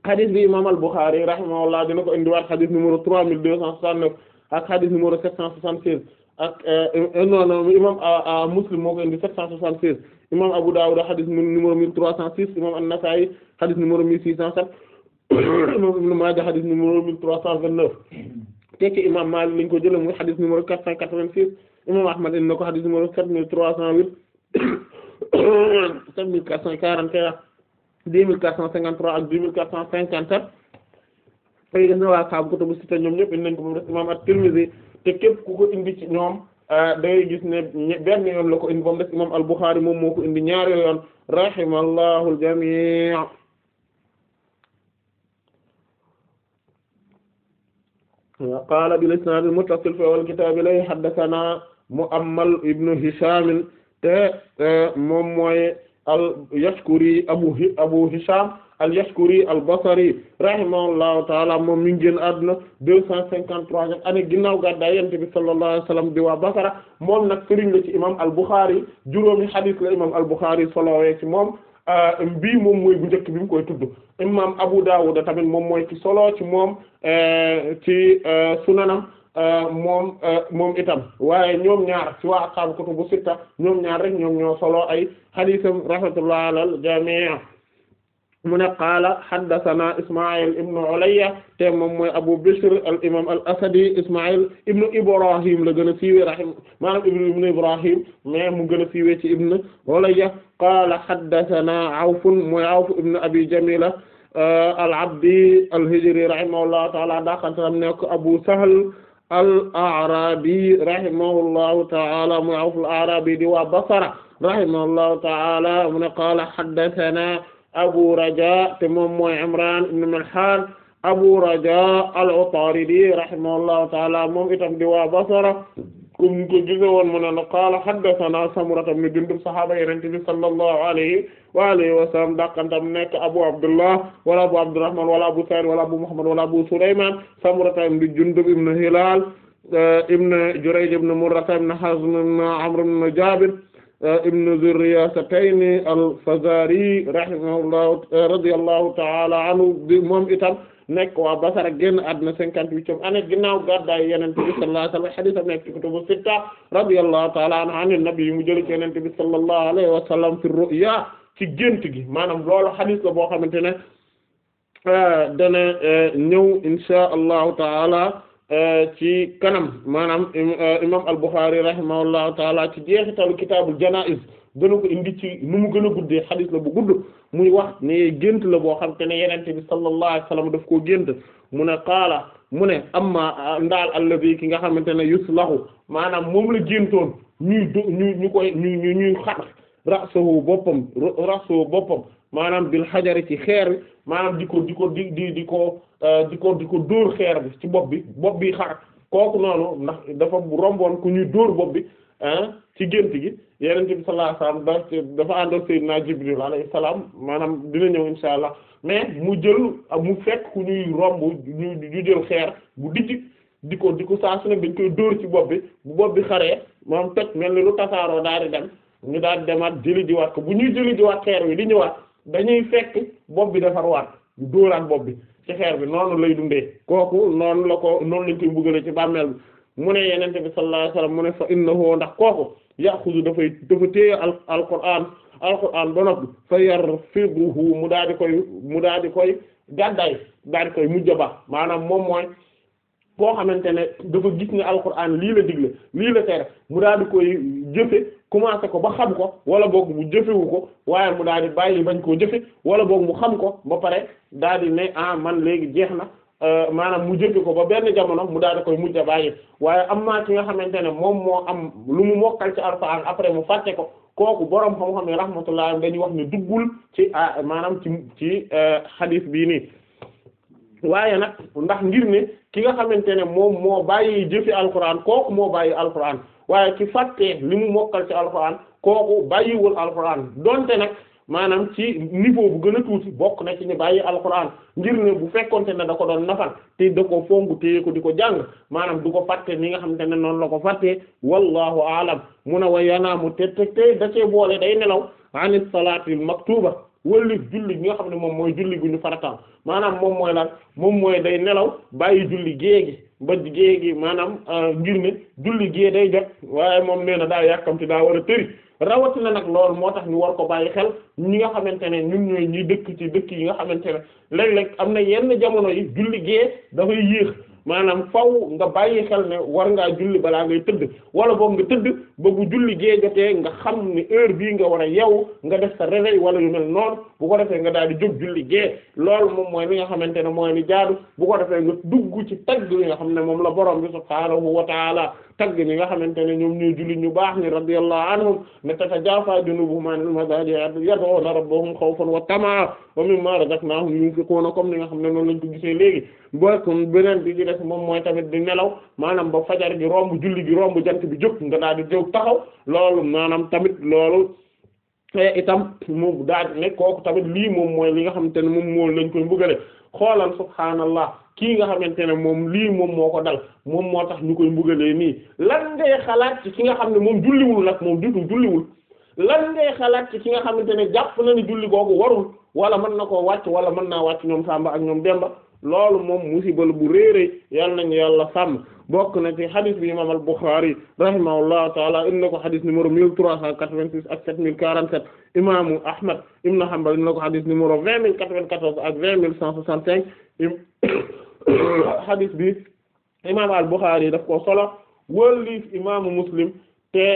xadis bi imam al Bukhari rahimahullah dina ko indiwaat xadis numéro trois mille deux cent soixante-neuf ak xadis numéro sept cent soixante-seize ak non euh, non imam euh, euh, Muslim moo ko indi 776 imam Abu Dawud hadith numéro 1306 imam An-Nasa'i hadith numéro 1607 [coughs] imam Ibn Majah hadith numéro 1329 tekki imam Malik lañ ko jëlee muy hadith numéro 486 imam Ahmad indi na ko hadith numéro 7308 7441 2453 ak 2457 ay gis na waa saabu kutubu sitta ñoom ñëpp indi nañ ko moom rek imam At-Tirmidhi te képp ku ko indi ci euh, day gis ne benn yoon la ko indi ba mu des imam al-Bukhari moom moo ko indi ñaari yoon rahimallahu al-jami' qaala bil isnaad al-muttasil fi awwal kitaab ilayhi haddathana Mu'ammal ibnu Hisham te euh, moom al-Yashkuri abu abu Hisham al-Yashkuri al-Basri rahimahullahu taala moom mi ngi génn àdduna deux cent cinquante trois année ginnaaw gàddaay Yonent bi sallallahu alayhi wa sallam waa Basra moom nag sëriñ la ci imam al-Bukhari juróomi xadis la imam al-Bukhari solowee ci moom euh, bii moom mooy bu njëkk bi mu koy tudd imam Abu Dawud tamit moom mooy ci solo ci moom euh, ci euh, sunanam moom moom itam waaye ñoom ñaar ci waa ashaabu bu sitta ñoom ñaar rek ñoom ñoo solo ay xadisam rahmatullah alal jamii mu ne qaala haddathana Isma'il ibn Ulayya te moom mooy Abu Bishr al imam al asadi Isma'il ibn Ibrahim la gën a siiwee rahim maanaam ibn Ibrahim mais mu gën a siiwee ci ibn Ulayya qaala haddathana Awf mooy Awf ibn Abi Jamila euh, al abdi al hijri rahimahullahu ta'ala daqantaam nekk Abu Sahl al A'rabi rahimahullahu ta'ala mooy Awf al A'rabi di waa Basra rahimahullahu ta'ala mu ne qaala haddathana abu raja te moom mooy imran ibn malhan abu raja al-utaridi rahimahullahu taala moom itam di waa basara comme ni ko gise woon mu ne la qaala haddathana samura ibn jundub sahaaba yonent bi sallallahu alayhi wa alihi wa sallam dàqantam nekk abu abdullah wala abu abdurrahman wala abu sa'id wala abu muhammad wala abu sulayman samura ibn jundub ibn hilal eh, ibn jurayj ibn murra ibn hazm ibn amr ibn jabir ibnu Zurriya Satayni al-Fazari rahimahullahu radiyallahu ta'ala anhu moom itam nekk waa Basra génn àdduna cinquante-huitième année ginnaaw gàddaay Yonent bi sallallahu alayhi wa sallam hadith am nekk ci kutubu sitta radiyallahu ta'ala anhu an nabi yi mu jël ci Yonent bi sallallahu alayhi wa sallam fi ru'ya ci gént gi maanaam loolu hadith la boo xamante ne euh, dana euh, ñëw insha allahu ta'ala Euh, ci kanam maanaam euh, imam al-Bukhari rahimahullahu taala ci jeexitalu kitaabul janaiz gën ko indi ci nu mu gën a guddee xadis la bu gudd muy wax ni gént la boo xam te ne yenente bi sallallahu alayhi wasallam daf koo gént mu ne qaala mu ne amma euh, ndaal allazi ki nga xamante ne yuslahu maanaam moom la géntoon ñuy du ñu ñu koy ñu ñu ñuy xar rasahu boppam boppam maanaam bil xajari ci xeer bi maanaam di ko di ko di di di ko euh, di ko di ko dóor xeer bi ci bopp bi bopp bi xar kooku noonu ndax dafa romboon ku ñuy dóor bopp bi ci gént gi yenente bi sallallahu alayhi wasallam dafa àndoon Seydina Jibril alayhi salaam maanaam dina ñëw insha allah mais mu jël mu fekk ku ñuy romb ñu ñu jël xeer bu dijj di ko di ko saa su ne dañ koy dóor ci bopp bi bu bopp bi xaree moom toj mel ni lu tasaaroo daal di dem ñu daal di demaat jëli jiwaat ko bu ñuy jëli jiwaat xeer wi di ñëwaat dañuy fekk bopp bi defarwaat ñu dóoraat bopp bi ci xeer bi noonu lay dundee kooku noonu la ko noonu lañ koy mbugale ci bàmmeel bi mu ne yenente bi sallallahu alayhi wasallam mu ne fa innahu ndax kooku yaxuzu dafay dafa téye al alquran alquran ba noppi fa yarfiduhu mu daal di koy mu daal di koy gàddaay daal di koy mujj ba maanaam moom mooy koo xamante ne dafa gis ne alquran lii la digle lii la tere mu daal di koy jëfe commencé ko ba xam ko wala boog mu jëfewu ko waaye mu daal di bàyyi bañ koo jëfe wala boog mu xam ko ba pare daal di ne ah man léegi jeex na euh, maanaam mu jëfe ko ba benn jamono mu daal koy mujj a bàyyi waaye am naa ci nga xamante ne moom moo am lu mu mokkal ci alxuraan après mu fàtte ko kooku borom xam-xam ne rahmatullah dañuy wax ne duggul ci ah, maanaam ci ci euh, xadiis bii nii waaye nag ndax ngir ne ki nga xamante ne moom moo bàyyi jëfe alxuraan kooku moo bàyyi alxuraan waaye ki fàttee li mu mokkal ci alxuraan kooku bàyyiwul alxuraan donte nag maanaam ci niveau bu gën a tuuti bokk na ci ni bàyyi alxuraan ngir ne bu fekkonte ne da ko doon nafar te da ko fongu téye ko di ko jàng maanaam du ko fàtte ni nga xam te na noonu la ko fàttee wallahu aalam mun a wa yanaamu te te te da cee boole day nelaw anit salaatil maktuba wallif julli bi nga xam ne moom mooy julli gu ñu farataal maanaam moom mooy lan moom mooy day nelaw bàyyi julli géegi ba gée gi maanaam euh, ngir ne julli gée day jot waaye moom nee na daa yàkkamti daa war a tëri rawatina nag loolu moo tax ñu war ko bàyyi xel ñi nga xamante ne ñun ñooy ñi dëkk ci dëkk yi nga xamante ne léeg-léeg am na yenn jamono yi julli gée dafay yéex maanaam faw nga bàyyi xel ne war ngaa julli balaa ngay tëdd wala boog nga tëdd ba bu julli gee jotee nga xam ni heure bii nga war a yeewu nga def sa réveil wala yu mel noonu bu ko defee nga daal di jóg julli gee loolu moom mooy li nga xamante ne mooy li jaadu bu ko defee nga dugg ci tagg li nga xam ne moom la borom bi subhaanahu wa taala tagg ñi nga xamante ne ñoom ñooy jullit ñu baax ni radiyallahu anhum ne tatajaafaa junubuhum anil madaaji yad'uuna rabbahum xawfan wa tamaa wa mimmaa razaqnaahum a comme ni nga xam ne noonu lañ ko gisee léegi bokom beneen bi ci moom mooy tamit di nelaw maanaam ba fajar gi romb julli gi romb jant bi jóg nga daal di jóg taxaw loolu maanaam tamit loolu eh, itam mu daal ne kooku tamit lii moom mooy li nga xamante ne moom moo lañ koy mbugale xoolal subhaanallah kii nga xamante ne moom lii moom moo ko dal moom moo tax ñu koy mbugalee nii lan ngay xalaat ci ki nga xam ne moom julliwul nag moom dutul julliwul lan ngay xalaat ki nga xamante ne jàpp na ni julli googu warul wala mën na koo wàcc wala mën naa wàcc ñoom Samba ak ñoom Demba loolu moom musibal bu réeréy yal nañu yàlla sàmm bokk na ci xadis bi imam al-Bukhari rahimahullahu taala indi na ko xadis numéro mille trois cent quatre-vingt-six ak sept mille quarante-sept imaamu Ahmad ibn Hanbal indi na ko xadis numéro vingt mille quatre-vingt-quatorze ak vingt mille cent soixante-cinq [coughs] xadis bi imam al-Bukhari daf ko solo wëlliif imaamu Muslim te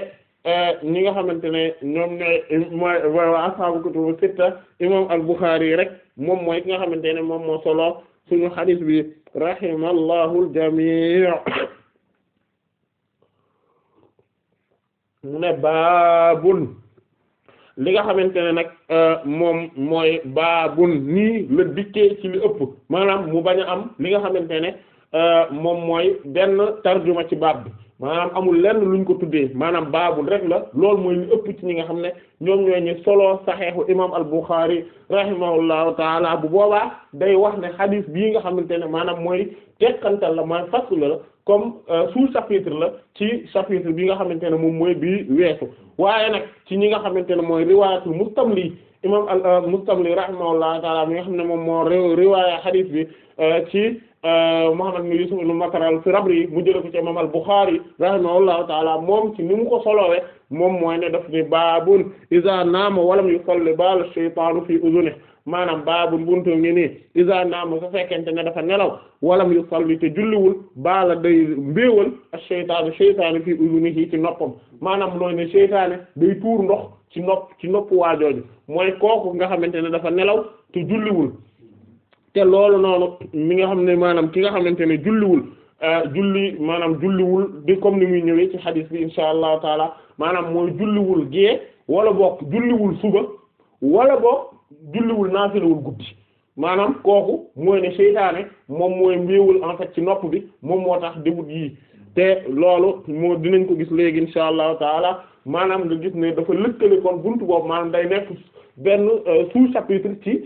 eh, ñi xamante ne ñoom ñooy mooy waa ashaabu kutubu sitta imam al-Bukhari rek moom mooy ki nga xamante ne moom moo solo suñu xadis bi rahimallahu al mu ne baabun li nga xamante ne nag euh, moom mooy baabun nii la dikkee ci li ëpp maanaam mu bañ a am li nga xamante ne euh, moom mooy benn tarjuma ci baab bi maanaam amul lenn luñ ko tuddee maanaam baabul rek la loolu mooy li ëpp ci ñi nga xam ne ñoom ñooy ñu solo saxeexu imam al-Bukhari rahimahullahu taala bu boobaa day wax ne xadiis bii nga xamante ne maanaam mooy tekkantal la mooy comme euh, sous-chapitre la ci chapitre bi nga xamante ne moom mooy bii weesu waaye nag ci ñi nga xamante ne mooy riwaayatul mustamli imam al euh, mustamli rahimahullahu taala mi nga xam ne moom moo riwaaya xadiis bi euh, ci Muhammad ibn Yusuf ibn Makar al-Firabri mu jëlee ko ci imam al-Bukhari rahimahullahu ta'ala moom ci ni mu ko solowee moom mooy na daf ni baabun iza naama walam yusalli baala shaytaanu fi uzuni maanaam baabun buntu ngi nii iza naama su fekkente ne dafa nelaw walam yusalli te julliwul baala day mbéewal ash-shaytaanu shaytaanu fi uzunihi ci noppam maanaam looy ne shaytaane day tuur ndox ci nopp ci nopp waajooju mooy kooku nga xamante ne dafa nelaw te julliwul te loolu noonu mi nga xam ne maanaam ki nga xamante ne julliwul euh, julli maanaam julliwul di comme ni muy ñëwee ci xadis bi insha allahu taala maanaam mooy julliwul gée wala boog julliwul suba wala boog julliwul naafilawul maanaam kooku mooy ne seytaane moom mooy mbéewul en ci nopp bi moom moo tax début yii te loolu dinañ ko gis léegi insha allahu maanaam nga gis ne dafa lëkkale kon buntu boobu maanaam day nekk benn euh, sous-chapitre ci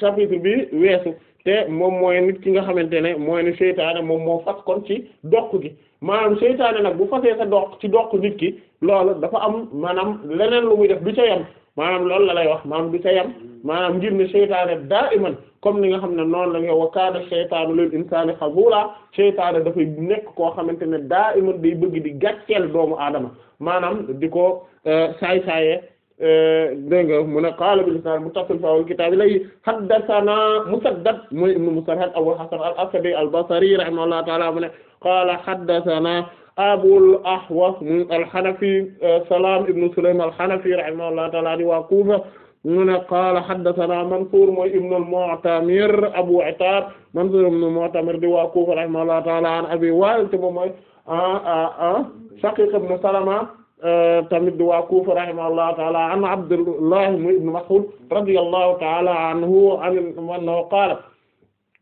chapitre bi weesu te moom mooy nit ki nga xamante ne mooy ne seytaane moom moo fas kon ci doq gi maanaam seytaane nag bu fasee sa doq ci doq nit ki loolu dafa am maanaam leneen lu muy def du ca yam maanaam loolu la lay wax maanaam du ca yam maanaam ngir ne seytaane daa iman comme ni nga xam ne noonu la nga wa kaana seytaanu lil insaani xabuula seytaane dafay nekk koo xamante ne daa iman day bëgg di gàcceel doomu aadama maanaam di ko euh, saay-saaye dégg nga mu ne qaala bil isnaad muttasil fil kitaab lay haddasanaa Musaddad muy ibn Musarhad Abu Hasan al-Asadi al-Basri rahimahullahu ta'aala mu ne qaala haddasanaa Abul Ahwas al-Hanafi Salaam ibn Sulaym al-Hanafi rahimahullahu ta'aala di waa Kuufa mu ne qaala haddasanaa Mansuur mooy ibn al-Mu'tamir Abu Attaab Mansuur ibn al-Mu'tamir di waa Kuufa rahimahullahu ta'aala an Abi Waa'il te moom mooy ah, ah, ah, Shaqiiq ibn Salama Euh, tamit di waa Kufa rahimahullahu ta'ala an Abdullah ibn Mas'ud radiyallahu ta'ala anhu annahu qaala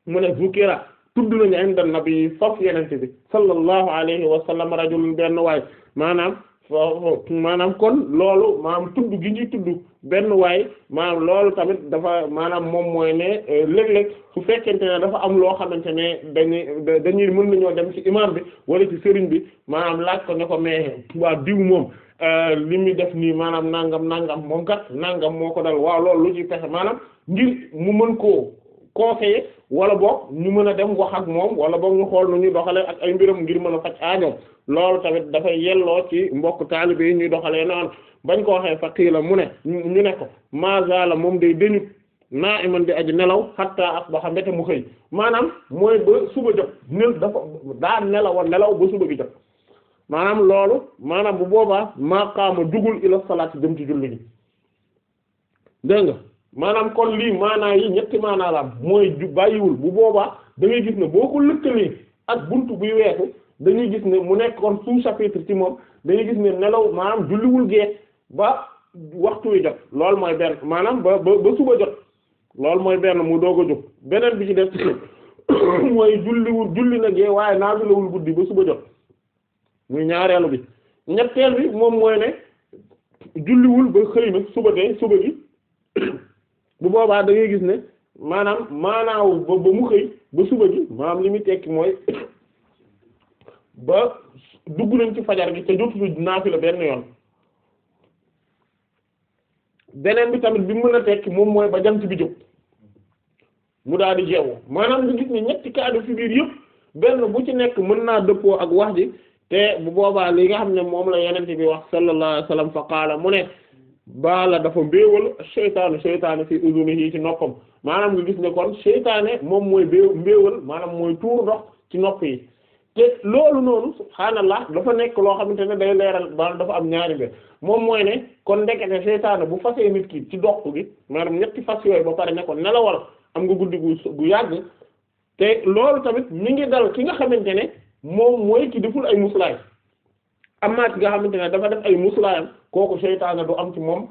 mu ne zukira tudd nañu inda nabi faf yenente bi sallallahu alayhi wa sallam rajulun benn waay maanaam maanaam kon loolu maanaam tudd gi ñuy tudd benn waay maanaam loolu tamit dafa maanaam moom mooy ne euh, léeg-léeg su fekkente ne dafa am loo xamante ne dañuy dañuy mën nañoo dem ci imam bi wala ci sëriñ bi maanaam laaj ko ne ko mais waa diw moom euh, li muy def nii maanaam nangam nangam moom kat nangam moo ko dal waaw loolu lu ñuy pexe maanaam ngir mu mën koo conseiller wala boo ñu mën a dem wax ak moom wala boog ñu xool nu ñuy doxalee ak ay mbiram ngir mën a faj loolu tamit dafay yelloo ci mbokk taalibe yi ñuy doxalee noonu bañ ko waxee faqiila mu ne ñu ne ko maazala moom day denut naa iman di aj nelaw xatta asbaxa mbete mu xëy maanaam mooy ba suba jot dafa daa nelawa nelaw ba suba maanaam loolu maanaam bu boobaa maqaama dugul ila salaat si ci julli nga maanaam kon lii maanaa yi ñetti maanaa laam mooy bu boobaa da gis ne boo ko lëkkalee ak bunt buy weesu dañuy gis ne mu nekkoon sous chapitre ci moom dañuy gis ne nelaw maanaam julliwul gee ba waxtu wi jot loolu mooy benn maanaam ba ba suba jot loolu mooy benn mu doog a jóg beneen bi ci def [coughs] mooy julliwul julli na gee waaye naafilawul guddi ba suba jot muy ñaareelu bi ñetteel bi moom mooy ne julliwul ba xëy na suba de suba gi [coughs] bu boobaa da gis ne maanaam maanaaw ba ba mu xëy ba suba gi maanaam li muy tekki mooy [coughs] ba dugg nañ ci fajar gi te jotuñu naafila benn yoon beneen bi tamit bi mu mën a tekki moom mooy ba jant bi jóg mu daal di jeewu maanaam nga gis ne ñetti cas de figure yëpp benn bu ci nekk mën naa dëppoo ak wax ji te bu boobaa li nga xam ne moom la yenente bi wax sallallahu alayhi wasallam fa qaala mu ne baala dafa mbéewal seytaanu seytaane fi uzunihi ci noppam maanaam nga gis ne kon seytaane moom mooy béew mbéewal maanaam mooy tuur ndox ci nopp yi te loolu noonu subhaanallah dafa nekk loo xamante ne day leeral baal dafa am ñaari mbir moom mooy ne kon ndekete seytaane bu fasee nit ki ci dox gi maanaam ñetti fas yooyu ba pare ne ko nelawal am nga guddi gu gu yàgg te loolu tamit mi ngi dal ki nga xamante ne moom mooy ki deful ay muslaay amaat ki nga xamante ne dafa def ay muslaayam kooku seytaane du am ci moom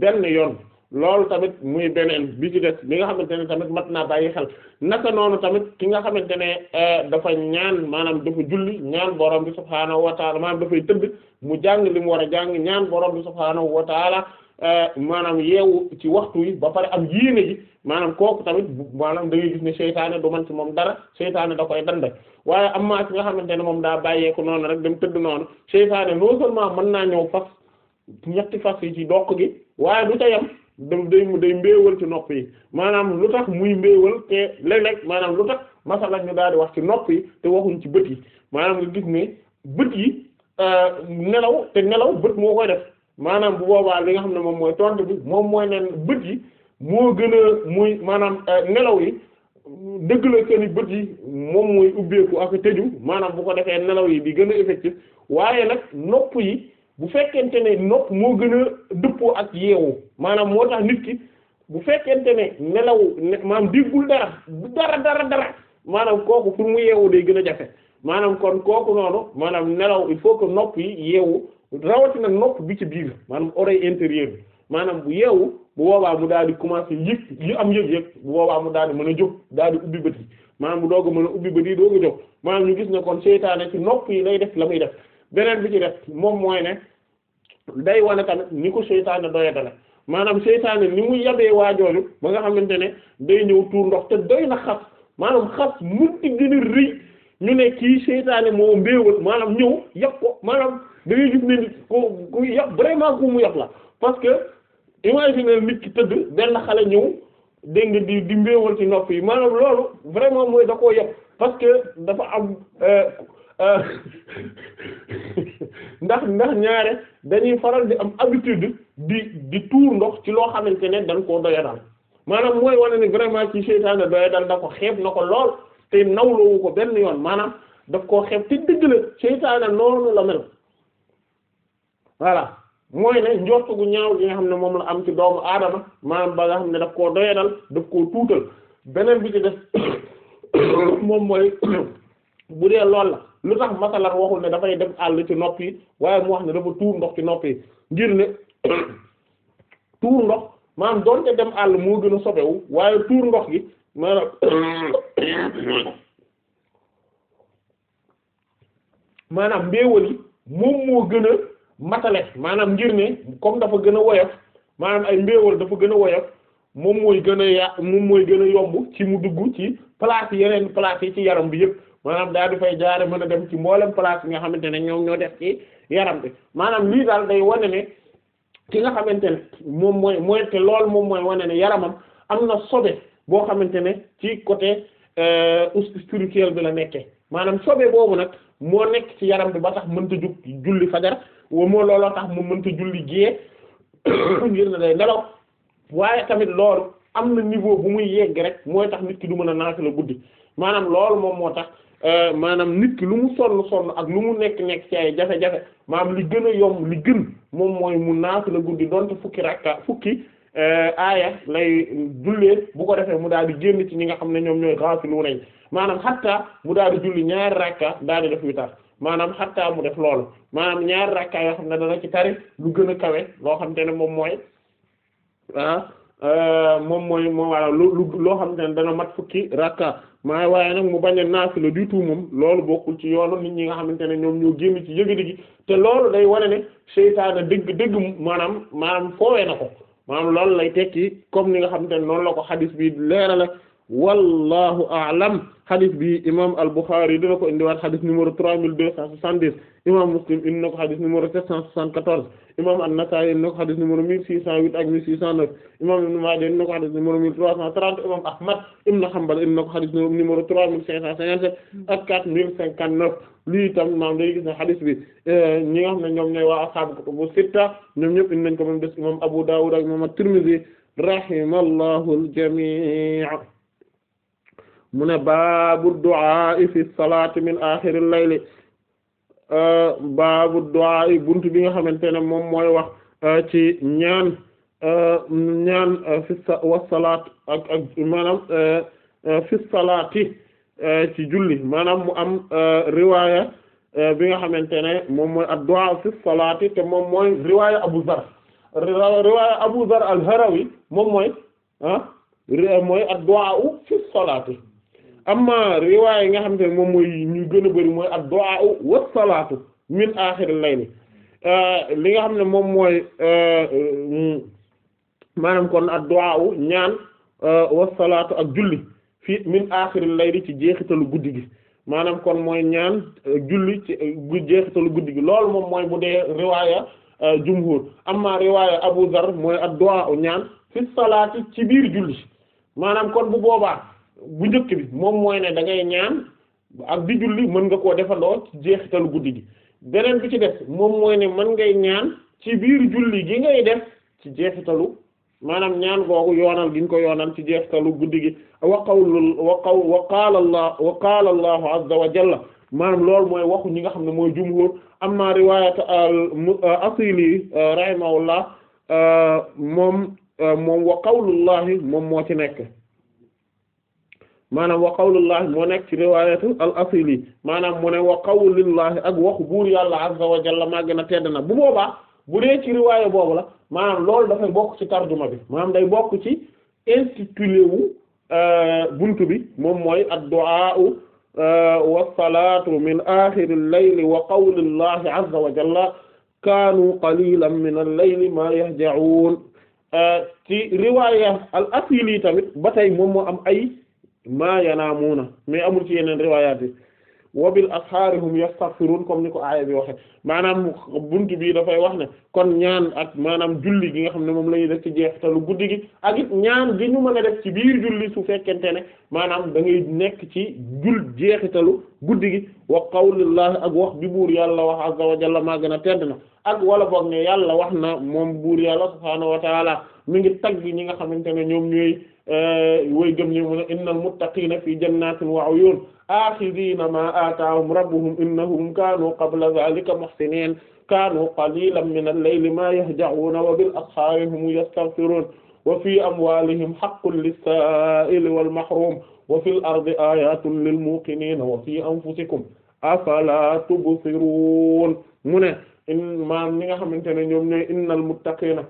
benn yoon loolu tamit muy beneen bi ci des bi nga xamante ne tamit mat naa bàyyi xel naka noonu tamit ki nga xamante ne euh, dafa ñaan maanaam dafa julli ñaan borom bi subhaanahu wa taala maanaam dafay tëdd jàng li mu war a jàng ñaan borom bi subhaanahu wa taala euh, maanaam yeewu ci waxtu yi ba pare am yéene ji maanaam kooku tamit maanaam da ngay gis ne seytaane du man ci moom dara seytaane da koy danda waaye am maa ci nga xamante ne moom daa bàyyeeku noonu rek dem tëdd noonu seytaane non seulement mën naa ñëw fas ñetti fas yi ci doq gi waaye du ca yem dam day mu day mbéewal ci nopp yi maanaam lu tax muy mbéewal te léeg-léeg maanaam lu tax masala ñu daal di wax ci nopp yi te waxuñ ci bët yi maanaam nga gis ne bët yi euh, nelaw te nelaw bët moo koy def maanaam bu boobaa li nga xam ne moom mooy tontu bi moom mooy ne bët yi moo gën a muy maanaam euh, nelaw yi dëgg la seeni bët yi moom mooy ubbeeku ak tëju maanaam bu ko defee nelaw yi di gën a effectif waaye nag nopp yi bu fekkente ne nopp moo gën a dëppoo ak yeewu maanaam moo tax nit ki bu fekkente ne nelaw maanaam déggul dara dara dara dara maanaam kooku pour mu yeewu day gën a jafe maanaam kon kooku noonu maanaam nelaw il faut que nopp yi yeewu rawatina nopp bi ci biir maanaam oreille intérieure bi maanaam bu yeewu bu boobaa mu daal di commencer yëg yu am yëg yëg bu boobaa daal di mën a jóg daal di ubbi bët yi maanaam mu doog mën a ubbi bët yi doog a jóg maanaam ñu gis ne kon seytaane ci nopp yi lay def la muy def. beneen bi ci def moom mooy ne day wane tamit ni ko seytaane doyatale maanaam seytaane ni mu yabee waajooju ba nga xamante ne day ñëw tuur ndox te doy na xas maanaam xas munti gën a rëy ñu ne kii seytaane moo mbéewal maanaam ñëw yab ko maanaam da ngay ne nit ku ku yab vraiment ku mu yab la parce que imagine nit ki tëdd benn xale ñëw dégg nga di di mbéewal ci nopp yi maanaam loolu vraiment mooy da koo yab parce que dafa am euh, Euh, [laughs] ndax ndax ñaare dañuy faral di am habitude di di tuur ndox ci loo xamante ne dañ koo doyadal maanaam mooy wane ne vraiment ci seytaane doyadal da ko xeeb na ko lool te nawloowu ko benn yoon maanaam daf koo xeeb te dëgg la seytaane noonu la mel voilà mooy ne njort ñaaw gi nga xam ne moom la am ci doomu aadama maanaam ba nga xam ne daf koo doyadal daf koo tuutal beneen bi ci def [coughs] moom mooy [coughs] bu dee lool la lu tax masalan waxul ne dafay dem àll ci nopp yi waaye mu wax ne dafa tuur ndox ci nopp yi ngir ne [coughs] tuur ndox maanaam doonte dem àll moo gën a sobewu waaye tuur ndox gi maanaam [coughs] maanaam mbéewal yi moom moo gën a matale maanaam ngir ne comme dafa gën a woyof maanaam ay mbéewal dafa gën a woyof moom mooy gën a ya moom mooy gën a yomb ci mu dugg ci place yeneen place yi ci yaram bi yépp maanaam daal di fay jaare mën a dem ci mboolem place yi nga xamante ne ñoom ñoo def ci yaram bi maanaam lii daal day wane ne ki nga xamante ne moom mooy mooy te lool moom mooy wane ne yaramam am na sobe boo xamante ne ci côté euh, spirituel bi la nekkee maanaam sobe boobu nag moo nekk ci yaram bi ba tax mënta jug julli fajar wa moo looloo tax mu mënta julli gée [coughs] ngir na day nelaw waaye tamit loolu am na niveau bu muy yegg rek mooy tax nit ki du mën a la guddi maanaam loolu moom moo tax Euh, maanaam nit ki lu mu sonn sonn ak lu mu nekk nekk ci ay jafe-jafe maanaam li gën a yomb li gën moom mooy mu naaf la guddi donte fukki rakka fukki euh, aaya lay jullee bu ko defee mu daal di génn ci ñi nga xam ne ñoom ñooy xaafilu nañ maanaam xatta mu daal di julli ñaari rakka daal di def witar maanaam xataa mu def loolu maanaam ñaari rakka yoo xam ne dana ci tari lu gën a kawe loo xam te ne moom mooy ah. Euh, moom mooy moom wala lu loo xam ne dana mat fukki rakka maa waaye nag mu bañ naa naafila du tout moom loolu bokkul ci yoonu nit ñi nga xamante ne ñoom ñoo génn ci yëgadi gi te loolu day wane ne seytaane dëgg dëgg maanaam maanaam foowee na ko maanaam loolu lay tekki comme ni nga xamante ne noonu la ko xadis bi leerala wallahu a'lam hadith bi imam al-Bukhari dina ko indiwaat hadith numéro 3270 imam Muslim indi na ko hadith numéro 774 imam an-Nasa'i indi na ko hadith numéro 1608 ak 1609 imam Ibn Majah indi na ko hadith numéro 1330 imam Ahmad ibn Hanbal indi na ko hadith numéro 3557 ak 4059 lii tam maam day gis ne hadith bi eh, ñi nga xam ne ñoom ñooy waa ashaabu kutubu sitta ñoom ñëpp indi nañ ko moom des imam Abu Dawud ak imam at-Tirmidhi rahimallahu al-jami' mu ne baabu du'a fi salaati min axiril layli euh, baabu du'a buntu bi nga xamante ne moom mooy wax euh, ci ñaan euh, ñaan fi salaat ak ak maanaam fi salaati ci julli maanaam mu am riwaaya bi nga xamante ne moom mooy ad-du'a fi salaati te moom mooy riwaaya Abu Zar riwaaya Abu Zar al-Harawi moom mooy ah mooy ad-du'a fi salaati amma riwaay yi nga xam te moom mooy ñu gën a bëri mooy ak du'a wa salaatu min aaxiril layli euh, li nga xam ne moom mooy euh, maanaam kon ak du'a ñaan euh, wa salaatu ak julli fii min aaxiril li ci jeexitalu guddi gi maanaam kon mooy ñaan julli ci jeexitalu guddi gi loolu moom mooy bu dee riwaaya jumhur amma riwaaya Abu Zar mooy ak du'a ñaan fi salaati ci biir julli maanaam kon bu boobaa. bu njëkk bi moom mooy ne da ngay ñaan ak di julli mën nga koo defandoo ci jeexitalu guddi gi beneen bi ci def moom mooy ne mën ngay ñaan ci biir julli gi ngay def ci jeexitalu maanaam ñaan googu yoonal gi ñu ko yoonal ci jeexitalu guddi gi wa qawlu wa qaw wa qaala wa qaala allahu jalla maanaam loolu mooy waxu ñi nga xam ne mooy jumhur amma riwayat asili euh, rahimahullah euh, moom euh, moom wa moom moo ci nekk maanaam wa qawlullahi moo nekk ci riwaayatu al asili maanaam mu ne wa qawlullahi ak waxu buur yàlla azza wa jalla màgg na tedd na bu boobaa bu dee ci riwaaya boobu la maanaam lool dafay bokk ci tarjuma bi maanaam day bokk ci intitulé wu euh, buntu bi moom mooy ad-du'a euh, wa salaatu min aaxiril layli wa qawlullahi kaanu qalilan min al ma yahja'un euh, ci riwaaya al tamit ba tey moom moo am ay. maa yanaamuuna mais amul ci yeneen riwaayaat yi wabil ashaari hum yastaghfiruun comme ni ko aaya bi waxe maanaam buntu bii dafay wax ne kon ñaan ak maanaam julli gi nga xam ne moom la ñuy def ci jeexitalu guddi gi ak ñaan gi ñu mën a def ci biir julli su fekkente ne maanaam da ngay nekk ci jul jeexitalu guddi gi wa qawlillahi ak wax bi buur yàlla wax azza wa jalla maa gën a na ak wala boog ne yàlla wax na moom buur yàlla subhaanahu wa taala mi ngi tagg ñi nga xam ne ñoom ñooy Eh, way gëm ñi mu ne innal muttaqiina fi jannatin wa uyun akhidina ma ataahum rabbuhum innahum kaanu qabla zalika muhsinin kaanu qalilan min al-layli ma yahja'una wa bil ashaari hum yastaghfirun wa fi amwalihim haqqun lis-sa'ili wal mahrum wa fil ardi ayatun lil muqinin wa fi anfusikum afala tubsirun mu ne in maam ñi nga xamante ne ñoom ñooy innal muttaqiina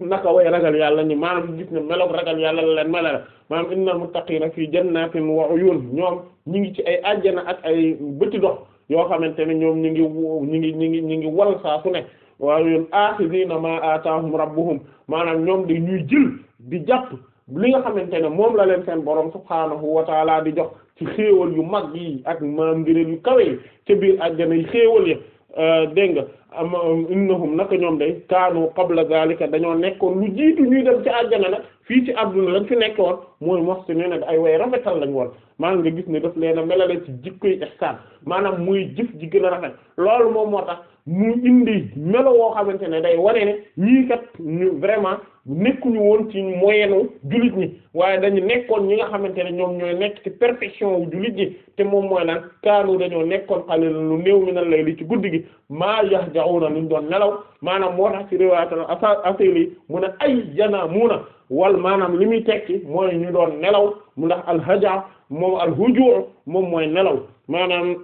naka way ragal yàlla ni maanaam gis ne meloog ragal yàlla la leen melale maanaam innal muttaqiina fii jannatin wa uyun ñoom ñi ngi ci ay àjjana ak ay bëti dox yoo xamante ne ñoom ñi ngi ñi ngi ñi ngi ñi ngi wal saa su ne waaw yun akhidina ma ataahum rabbuhum maanaam ñoom da ñuy jël di jàpp li nga xamante ne moom la leen seen borom subhaanahu wa taala di jox ci xéewal yu mag yi ak maam ngëneel yu kawe yi ca biir àjjana yi xéewal ya Euh, dégg nga am innahum naka ñoom day kaanu qabla zalika dañoo nekkoon lu jiitu ñuy dem ci àjjana la fii ci àdduna lañ fi nekkoon mooy muhsinin ay way rafetal lañ woon maanaam nga gis ne daf leen a melale ci jikkoy ihsaan maanaam muy jëf ji gën a rafet loolu moom moo tax mu indi melo woo xamante ne day wane ne ñii kat ñu vraiment nekkuñu woon ci moyenu jullit ñi waaye dañu nekkoon ñi nga xamante ne ñoom ñooy nekk ci perfection wu jullit ñi te moom mooy lan kaanu dañoo nekkoon xalil lu néew mi na lay li ci guddi gi maa yax jaxuna ñu doon nelaw maanaam moo tax ci riwaatal asili mu ne ay jana muuna wal maanaam li muy tekki mooy ñu doon nelaw mu ndax alhaja moom alhujur moom mooy nelaw maanaam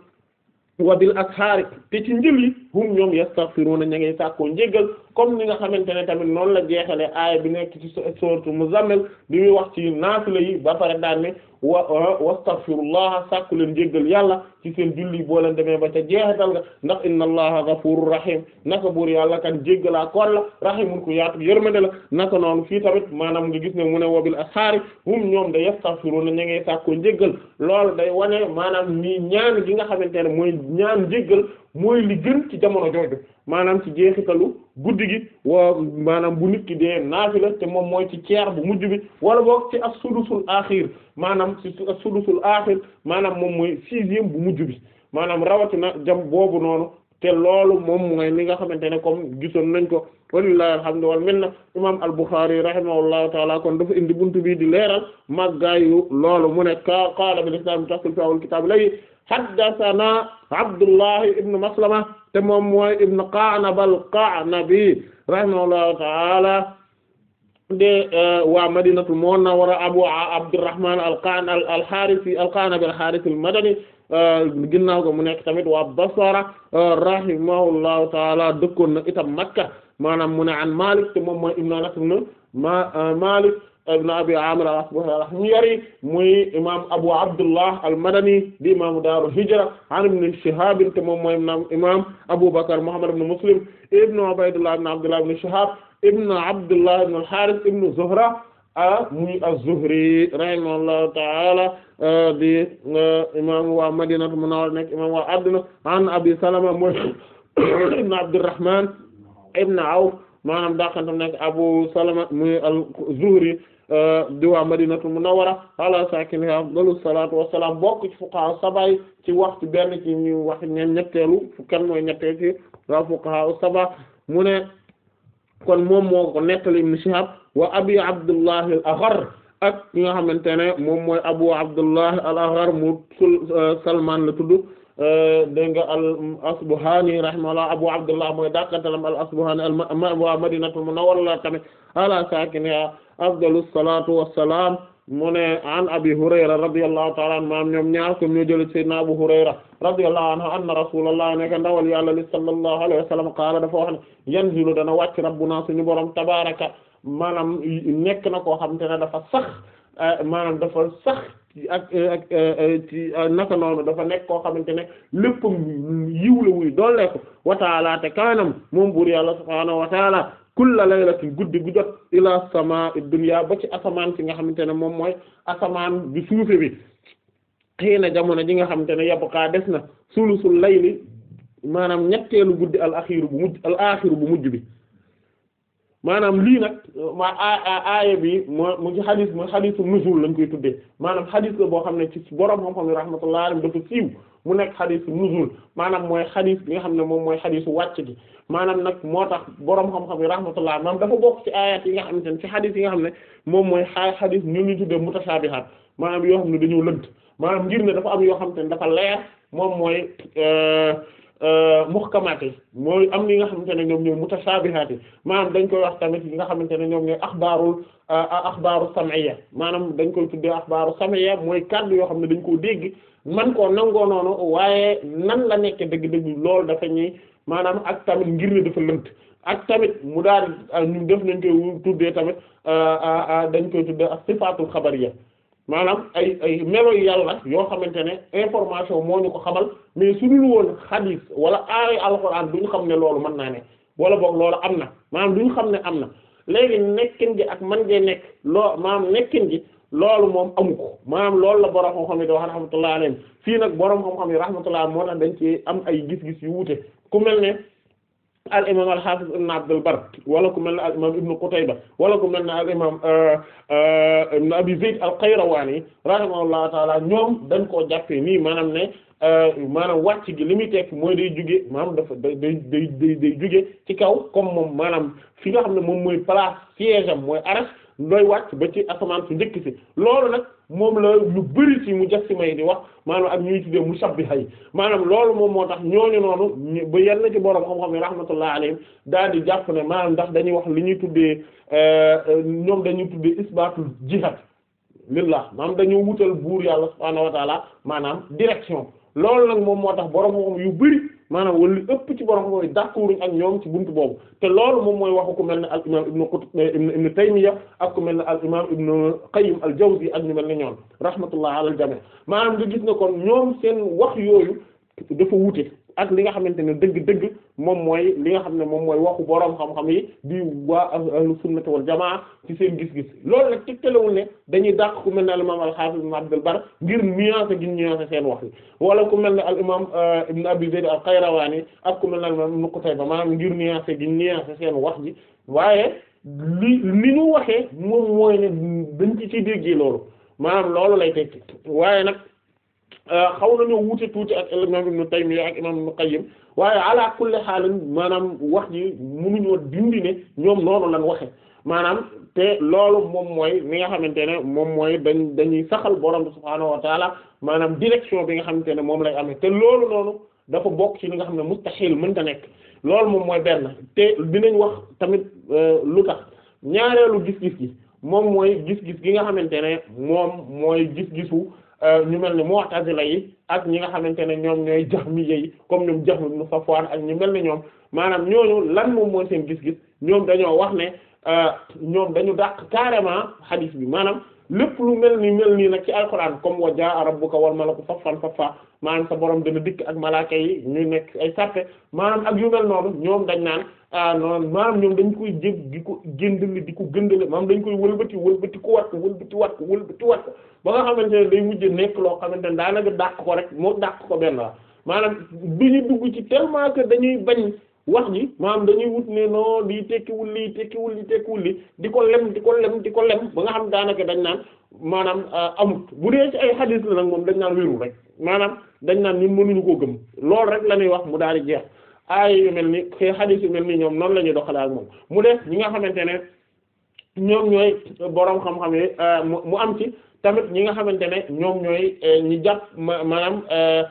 wa bil ashaari te ci njël yi hum ñoom yastaghfiruuna ña ngay sàkkoo njéggal comme ni nga xamante ne tamit noonu la jeexalee aaya bi nekk ci sooratu mu bi muy wax ci naafila lay ba pare daan ne wa wastaghfirullah sàkku leen jéggal yàlla ci seen julli boo leen demee ba ca jeexital nga ndax inna allaha ghafurur rahim naka buur yàlla kan jéggalaa koon la rahimun ku yaatu yërmande la naka noonu fii tamit maanaam nga gis ne mu ne wabil ashaari hum ñoom da yastaghfiruna ña ngay sàkku njéggal lool day wane maanaam nii ñaan gi nga xamante ne mooy ñaan njéggal mooy li gën ci jamono jooju maanaam ci jeexitalu guddi gi waa maanaam bu nit ki dee naafila te moom mooy ci ceex bu mujj bi wala boog ci a sulusul axir maanaam ci as-sulusul maanaam moom mooy sixième bu mujj bi maanaam rawatina jam boobu noonu te loolu moom mooy li nga xamante ne comme gisoon nañ ko walillahi alhamdu wal minna imam al-Bukhari rahimahullahu taala kon dafa indi buntu bii di leeral màggaayu loolu mu ne qaala bil islam tafsil fi awal kitaab lay haddathana Abdullahi ibn Maslama te moom mooy ibn Qa'nab al-Qa'nabi rahimahullahu ta'ala de waa Madinatul Munawwara Abu Abdurrahman al-Qa'n al-Harisi al-Qa'nabi al-Harisi al-Madani ginnaaw ga mu nekk tamit waa Basra rahimahullahu ta'ala dëkkoon na itam Makka maanaam mu ne an Malik te moom mooy ibn Anas ibn Malik ibn abi amir al-Asbahi muy imam abu abdullah al-madani di imaamu daaru hijra an ibn shihab te moom mooy imam abu bakr muhammad ibn muslim ibn ubaydullah ibn abdullah ibn shihab ibn abdullah ibn al-harith ibn zuhra ah muy az-Zuhri rahimahullahu ta'ala ah, di ah, imam waa Madinatu Munawwara nekk imam waa adduna an Abi Salama mooy [coughs] ibn Abdurrahman ibn Awf maanaam daa kan tam nekk Abu Salama muy az-Zuhri di waa madinatul munawwara ala sakiniha afdalu salaatu wassalaam bokk ci fuqaha sabay ci wax ci ci ñu wax mooy ñetteel ci waa fuqaha saba mu ne kon moom moo ko nettali ibn Shihab wa abi abdullah al ak ki nga xamante ne moom mooy abu abdullah al mu euh, Salman la tudd euh, dégg nga al asbuhani rahimahullah abu abdullah mooy dàqantalam al asbuhani waa madinatul munawwara tamit ala sakiniha afdalu salaatu wassalaam mu ne an abi hurayra radiyallahu ta'ala anhu maam ñoom ñaar comme ñoo jële sayyidina abu hurayra radiyallahu anhu anna rasulullah nekka ndawal yàlla li sallallahu alayhi wa sallam qaala dafa wax ne yanzilu dana wàcc rabbuna suñu borom tabaraka maanaam nekk na koo xam te ne dafa sax eh, maanaam dafa sax ak eh, ak eh, dafa nekk koo xamante ne lépp yiw la wuy doollee ko wa te kaanam moom buur yàlla subhaanahu kulla laylatin guddi gu jot ila samaa'i dunya ba ci asamaan si nga xamante ne moom mooy asamaan bi suufe bi xëy na jamono ji nga xamante ne yabqaa des na sulusul layli maanaam ñetteelu guddi al axiru bu mujj al axiru bu mujj bi maanaam lii nag ma aaya bi moo mu ci xadis mu xadisu lañ koy tuddee maanaam xadis la boo xam ne ci borom xam-xam yi rahmatullahi alayhi dafa siiw mu nekk xadisu maanaam mooy xadis bi nga xam ne moom mooy xadisu wàcc gi maanaam nag moo tax borom xam-xam yi rahmatullahi maanaam dafa bokk ci ayat yi nga xam ne ci xadis yi nga xam ne moom mooy xaa xadis ñu ñu tuddee mutashabihat maanaam yoo xam ne dañoo lënt maanaam ngir ne dafa am yoo xam te ne dafa leer moom mooy euh, Euh, muhkamaat yi mooy am li nga xamante ne ñoom ñooy mutashaabihaat yi maanaam dañ koy wax tamit yi nga xamante ne ñoom ñooy axbaarul euh, axbaaru sam'iyya maanaam dañ koy tuddee axbaaru sam'iyya mooy kàddu yoo xam ne dañ koo dégg man koo nangoo noonu waaye nan la nekke dëgg-dëgg loolu dafa ñuy maanaam ak tamit ngir ne dafa lënt ak tamit mu daal euh, ñu def nañ koy tuddee tamit dañ koy tuddee ak sifaatul xabariyya maanaam ay ay melo yàlla yoo xamante ne information moo ñu ko xamal mais su dul woon xadiis wala aaya alxuraan du ñu xam ne loolu mën naa ne wala boog loolu am na maanaam du ñu xam ne am na léegi nekkin gi ak man ngay nekk loo maanaam nekkin gi loolu moom amu ko maanaam loolu la borom xam-xam yi di wax rahmatullah alayhi fii nag borom xam-xam yi rahmatullah moo tax dañ ci am ay gis-gis yu wuute ku mel ne. al imam al hafiz ibn abdul bar wala ku mel ne al imam ibn qutayba wala ko man ne al imam euh, euh, ibn abi zayd al qayrawani rahimahullahu taala ñoom dañ koo jàppee nii maanaam ne euh, maanaam wàcc gi li muy tekk mooy day juge maanaam dafa day day juge ci kaw comme moom maanaam fi nga xam ne moom mooy place siège am mooy aras looy wàcc ba ci asamaan su njëkk si loolu nag moom la lu bëri ci mujassima yi di wax maanaam ak ñuy tuddee mushabbiha xay maanaam loolu moom moo tax ñooñu noonu ba yenn ci borom xam-xam yi rahmatullah alayhim daal di jàpp ne maanaam ndax dañuy wax li ñuy tuddee euh, ñoom dañuy tuddee isbatul jihad lillah maanaam dañoo wutal buur yàlla subhaanahu wa maanaam direction loolu nag moom moo tax borom moom yu bëri maanaam wala lu ëpp ci borom mooy d'accord ak ñoom ci bunt boobu te loolu moom mooy waxu ku mel ne al imaam ibnu Qutb eh, ibnu Taymiyya ak ku mel ne al imaam ibnu Qayyim al Jawzi ak ñu mel ne ñoom rahmatullah ala al jami' maanaam nga gis ne kon ñoom seen wax yooyu dafa wuute ak li nga xamante ne dëgg-dëgg moom mooy li nga xam ne moom mooy waxu boroom xam-xam yi di waa ahlu sunnati wal jamaa ci seen gis-gis loolu nag tegtalewul ne dañuy dàq ku mel ne al imaam al xaafis ibn Abdul Barr ngir nuance gi nuance seen wax yi wala ku mel ne al imaam euh, ibn Abi Zayd al Qayrawaani ak ku mel ne al imaam ibn Qutayba gi nuance seen wax ji waaye li li ñu waxee moom mooy ne dañ ci ci déggee loolu maanaam loolu lay tekki waaye nag. Euh, xaw nañoo wuute tuuti ak imam Ibn Taymiyya ak imam Ibn Qayyim waaye ala kulli xaalin maanaam wax ji mënuñoo dindi ne ñoom noonu lañ waxe maanaam te loolu moom mooy li nga xamante ne moom mooy dañ dañuy saxal borom bi subhaanahu wa maanaam direction bi nga xamante ne moom lay amee te loolu noonu dafa bokk ci li nga xam ne mustaxil mënta nekk loolu moom mooy benn te dinañ wax tamit euh, lu tax ñaareelu gis-gis gi moom mooy gis-gis gi nga xamante ne moom mooy gis-gisu Euh, ñu mel ni moo ne mu'tazila yi ak ñi nga xamante ne ñoom ñooy jahmiya yi comme ñoom Jahm ibn Safwan ak ñu mel ne ñoom maanaam ñooñu lan moom mooy seen gis-gis ñoom dañoo wax ne euh, ñoom dañu dàq carrément hadith bi maanaam lépp lu mel ni mel nii nag ci alquran comme wa jaa rabbuka wal ko saffan saffa maanaam sa borom dana dikk ak malaaka yi ñu nekk ay sàppe maanaam ak yu mel noonu ñoom dañ naan ah noonu maanaam ñoom dañ koy jëf di ko gëndale di ko gëndale maanaam dañ koy wëlbati wëlbati ku wat ko wëlbati wat ko wëlbati wat ko ba nga xam ne day mujj nekk loo xamante ne daanaka dàq ko rek moo dàq ko benn la maanaam du ñu dugg ci tellement que dañuy bañ wax ji maanaam dañuy wut ne non di tekkiwul lii tekkiwul lii tekkiwul lii di ko lem di ko lem di ko lem ba nga xam daanaka dañ naan maanaam ah, amut bu dee ci ay xadis la nag moom dañ naan wérul rek maanaam dañ naan ñun mënuñu koo gëm lool rek la ñuy wax mu daal di jeex. ay yu mel ni xëy xadiis yu mel ni ñoom noonu la ñuy doxalee ak moom mu def ñi nga xamante ne ñoom ñooy boroom xam yi euh, mu am ci tamit ñi nga xamante ne ñoom ñooy euh, ñi jàpp maanaam euh,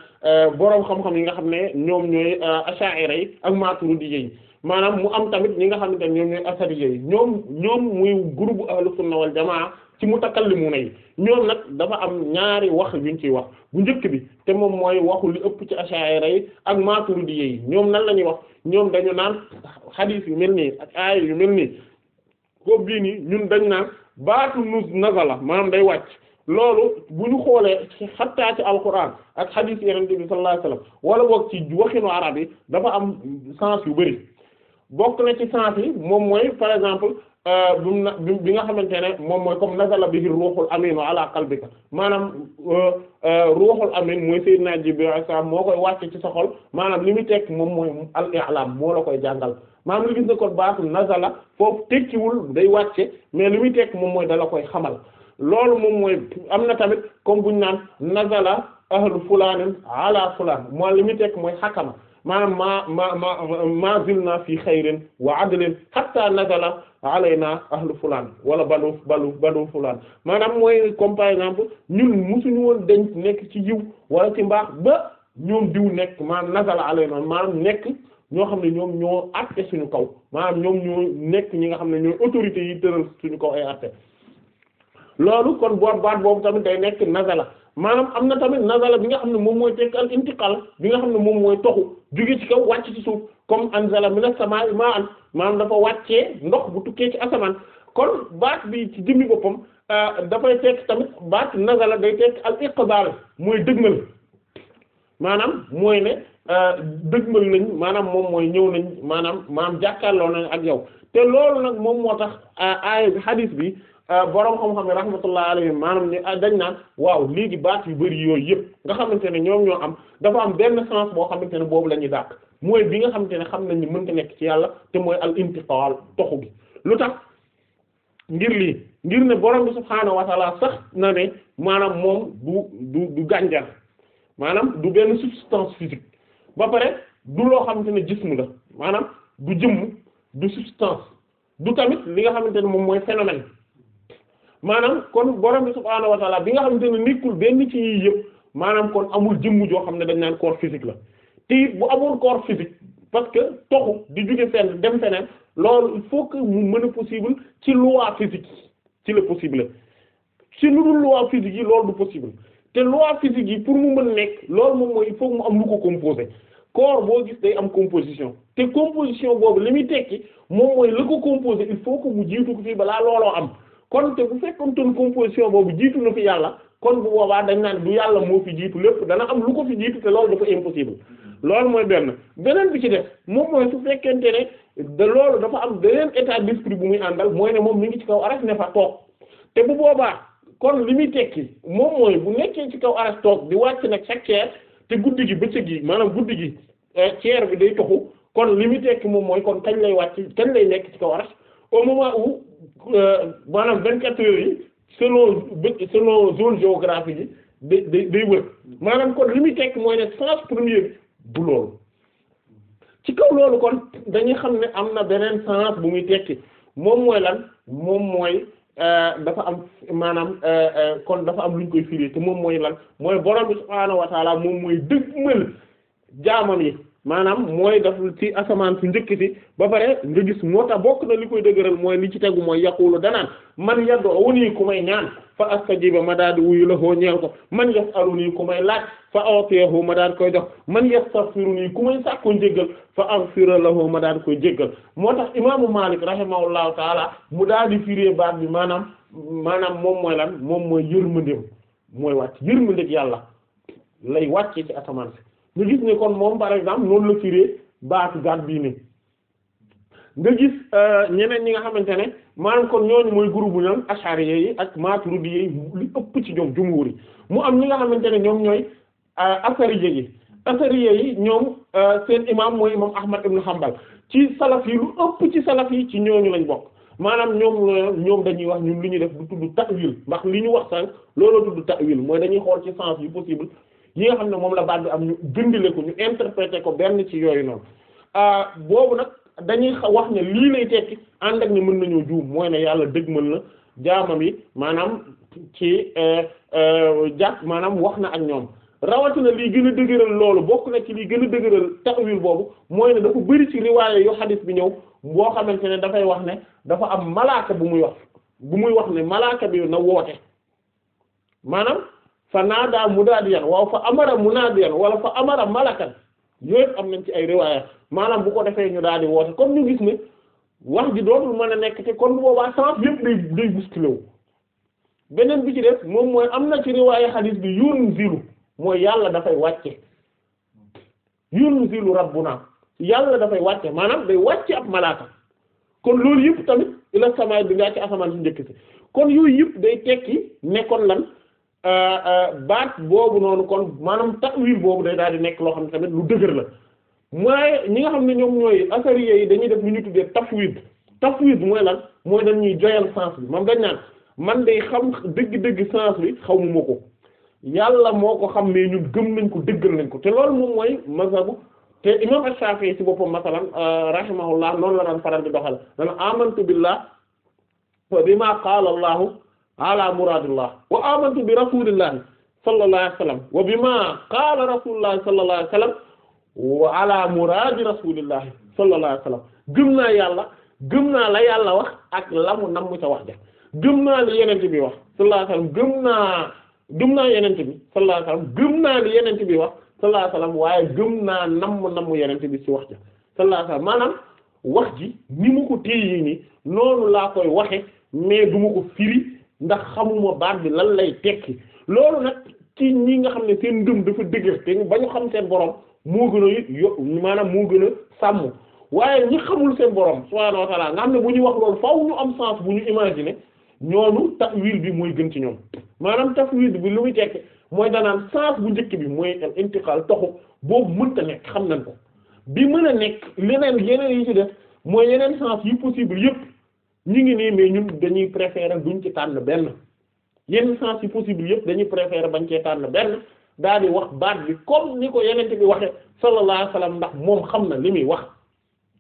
boroom xam-xam yi nga xam ne ñoom ñooy asha'ira yi ak maturidiyya yi maanaam mu am tamit ñi nga xamante ne ñoom ñooy ñoom ñoom muy groupe ahlu sunna jamaa ci mu mutakallimuna yi ñoom nag dafa am ñaari wax yuñ ciy wax bu njëkk bi te moom mooy waxu li ëpp ci asha'ira yi ak maaturu maturidi yi ñoom nan la ñuy wax ñoom dañu naan xadiis yu mel nii ak aaya yu mel nii koob bii nii ñun dañ naan baatu nus nazala maanaam day wàcc loolu bu ñu xoolee xattaa ci alquran ak xadiis yeneen bi sallallahu alayhi wasallam wala boog ci waxinu arab yi dafa am sens yu bari bokk na ci sens yi moom mooy par exemple euh, bi bi nga xamante ne moom mooy comme nazala bihi ruuxul amin wa ala qalbika maanaam euh, euh, ruuxul amin mooy sayyidina Jibril alayhi salaam moo koy wàcc ci sa xol maanaam li muy tekk moom mooy al i'lam moo la koy jàngal maanaam li gis nga ko baatu nazala foofu tekkiwul day wàcce mais li muy teg moom mooy dala koy xamal loolu moom mooy am na tamit comme buñ naan nazala ahlu fulaanin ala fulaan moo li muy teg mooy xakama maanaam maa ma ma ma zilna fi xayrin wa adlin hatta nazala alayna wala banu banu banu fulaan maanaam mooy comme par exemple ñun musuñu woon denc nekk ci yiw wala ci mbaax ba ñoom diw nekk maanaam nazala alayna maanaam nekk ñoo xam ne ñoom ñoo àtte suñu kaw maanaam ñoom ñoo nekk ñi nga xam ne ñooy autorités yi tëral suñu kaw ay àtte loolu kon boobu tamit day nekk nazala maanaam am na tamit nazala bi nga xam ne moom mooy tekk al intiqal bi nga xam ne moom mooy toxu jóge ci kaw wàcc ci suuf comme anzala mina samaa'i ma'an maanaam dafa wàccee ndox bu tukkee ci asamaan kon baat bi ci jëmmi boppam euh, dafay tekk tamit baat nazala day tekk al iqbal mooy dëgmal maanaam mooy ne euh, dëgmal nañ maanaam moom mooy ñëw nañ maanaam maam jàkkaarloo na ak yow te loolu nag moom moo tax euh, aaya bi hadith bi Euh, borom xam-xam ne rahmatullahi alayhim maanaam ne euh, dañ naan waaw léegi baat yu bëri yooyu yëpp nga xamante ne ñoom ñoo am dafa am benn sens boo xamante ne boobu la ñuy dàq mooy bi nga xamante ne xam nañ ni mënta nekk ci yàlla te mooy al intiqal toxu gi lu tax ngir ne borom bi subhaanahu wa taala na ne maanaam moom du du gànjar maanaam du benn substance physique ba pare du loo xamante ne jism la maanaam du jëmm du substance du tamit li nga xamante ne moom mooy phénomène maanaam kon borom bi subhaanahu wa taala bi nga xam ne nekkul benn ci yii yëpp maanaam kon amul jëmm joo xam ne dañ naan corps physique la te it bu amul corps physique parce que toxu di jóge fenn dem feneen loolu il faut que mu mën a possible ci loi physique ci la possible si lu dul loi physique yi loolu du possible te loi physique yi pour mu mën nekk loolu moom mooy il faut mu am lu ko composé corps boo gis day am composition te composition boobu li muy tekki moom mooy la ko composé il faut que ko fii balaa looloo am kon te bu fekkoon composition boobu jiitu na fi yàlla kon bu boobaa dañ naan du yàlla moo fi jiitu lépp dana am lu ko fi jiitu te loolu dafa impossible loolu mooy benn beneen bi ci def moom mooy su fekkente ne de loolu dafa am beneen état d'esprit bu muy àndal mooy ne moom mi ngi ci kaw aras fa toog te bu boobaa kon li muy tekki moom mooy bu nekkee ci kaw aras toog di wàcc nag chaque ceer te guddi gi bëccëg gi maanaam guddi gi eh, ceer bi day toxu kon li muy tekki moom mooy kon kañ lay wàcc kañ lay nekk ci kaw aras au moment Euh, maanaam vingt quatre heures yi selon selon zone géographique yi day day day wër maanaam kon li muy tekk mooy ne sens premier bi bu loolu ci kaw loolu kon dañuy xam ne am na beneen sens bu muy tekki moom mooy lan moom mooy euh, dafa am maanaam euh, kon dafa am lu ñu koy firi te moom mooy lan mooy borom bi subhaanahu wa moom mooy dëgmal jaamam yi maanaam mooy daf ci asamaan su njëkk si ba pare nga gis moo tax bokk na li koy dëgëral mooy li ci tegu mooy yaqulu danaan man yad'uni ku may ñaan fa astajiba ma daal di wuyu la hoo ñeel ko man yas'aluni ku may laaj fa atiyahu ma daal di koy jox man yastaghfiruni ku may sàkku njéggal fa aghfira lahu ma daal di koy jéggal moo tax imaamu Maalik rahimahullahu taala mu daal di firé baat bi maanaam maanaam moom mooy lan moom mooy yërmandeem mooy wàcc yërmandeeg yàlla lay wàcce ci asamaan si nga gis ne kon moom par exemple noonu la firee baatu gaat bii ni nga gis euh, ñeneen ñi nga xamante ne maanaam kon ñooñu mooy groupe bu ñoom yi ak maturidi yi lu ëpp ci ñoom jumhur yi mu am ñi nga xamante ne ñoom ñooy euh, asari yi asari yi ñoom euh, seen imam mooy imam Ahmad ibn Hanbal ci salaf yi lu ëpp ci salaf yi ci ñooñu lañ bokk maanaam ñoom ñoom dañuy wax ñu lu ñu def du tudd ta'wil ndax li ñu wax sànq looloo tudd ta'wil mooy dañuy xool ci sens yi nga xam ne moom la baat am ñu dindile ko ñu interpréter ko benn ci yooyu noonu ah, boobu nag dañuy wax ne lii lay tekki ànd ak ne mën nañoo juum mooy ne yàlla mën la jaamam yi maanaam ci eh, eh, jàpp maanaam wax na ak ñoom rawatina lii gën a dëgëral loolu bokk na ci lii gën a dëgëral tawil boobu mooy ne dafa bari ci riwaaye yu xadis bi ñëw boo xamante ne dafay wax ne dafa am malaaka bu muy wax bu muy wax ne malaaka bi na woote maanaam fa mu naadaa munaadiyan waaw fa amara munaadiyan wala fa amara malakan yépp am nañ ci ay riwaaya maanaam bu ko defee ñu daal di woote comme ñu gis ne wax ji dootul mën a nekk ci kon boobaa sens yépp day day bousculé wu beneen bi ci def moom mooy am na ci riwaaya xadiis bi yunzilu mooy yàlla dafay wàcce rab bu rabbuna yàlla dafay wàcce maanaam day wàcce ab malaaka kon loolu yëpp tamit ila samaay bi ngaa ci asamaan si njëkk si kon yooyu yëpp day tekki nekkoon lan Euh, euh, baat boobu noonu kon maanaam ta'wil boobu day daal di nekk loo xam ne tamit lu dëgër la mooy ñi nga xam ne ñoom mooy asariya yi dañuy def lu ñu tuddee tafwid tafwid mooy lan mooy dañuy joyal sens bi moom dañ naan man day xam dëgg-dëgg sens bi xaw ma ko yàlla moo ko xam ne ñun gëm nañ ko dëggal nañ ko te loolu moom mooy mazhabu te imam As-Shafi'i ci boppam masalan euh, rahimahullah noonu la daan faral di doxal dana amantu billah wa bima qaala ala muradillah wa amantu bi rasulillahi wa sallam wa qaala rasulullahi wa sallam wa ala muradi rasulillahi sallallahu wa sallam gëm naa yàlla gëm naa la yàlla wax ak la mu ca wax ja gëm naa li yenente bi wax sallallahu wa sallam gëm naa gëm naa yenente bi sallallahu alayhi wa sallam gëm naa li yenente bi wax sallallahu waaye gëm naa namm namm yenente bi ci wax ja sallallahu alayhi maanaam wax ji ni mu ko téye nii noonu laa koy waxe mais du ma ko firi ndax xamuma baat bi lan lay tekki loolu nag ci ñi nga xam ne seen dëm dafa dëgër te ba ñu xam seen borom moo gën a yo maanaam moo gën a sàmm waaye ñi xamul seen borom subhaanahu wa ta'ala nga xam ne bu ñuy wax loolu faaw ñu am sens bu ñu imaginer ñooñu tafwil bi muy gën ci ñoom maanaam tafwil bi lu muy tekki mooy danaan sens bu njëkk bi mooy al intiqal toxu boobu mënta nekk xam nañ ko bi mën a nekk leneen yeneen yi ci def mooy yeneen sens yi possible yëpp. ñu ngi nii mais ñun dañuy préférer duñ ci tànn benn yenn sens yi possible yëpp dañuy préférer bañ cee tànn benn daal di wax baat bi comme ni ko yenente bi waxe sallallahu alayhi wasallam ndax moom xam na li muy wax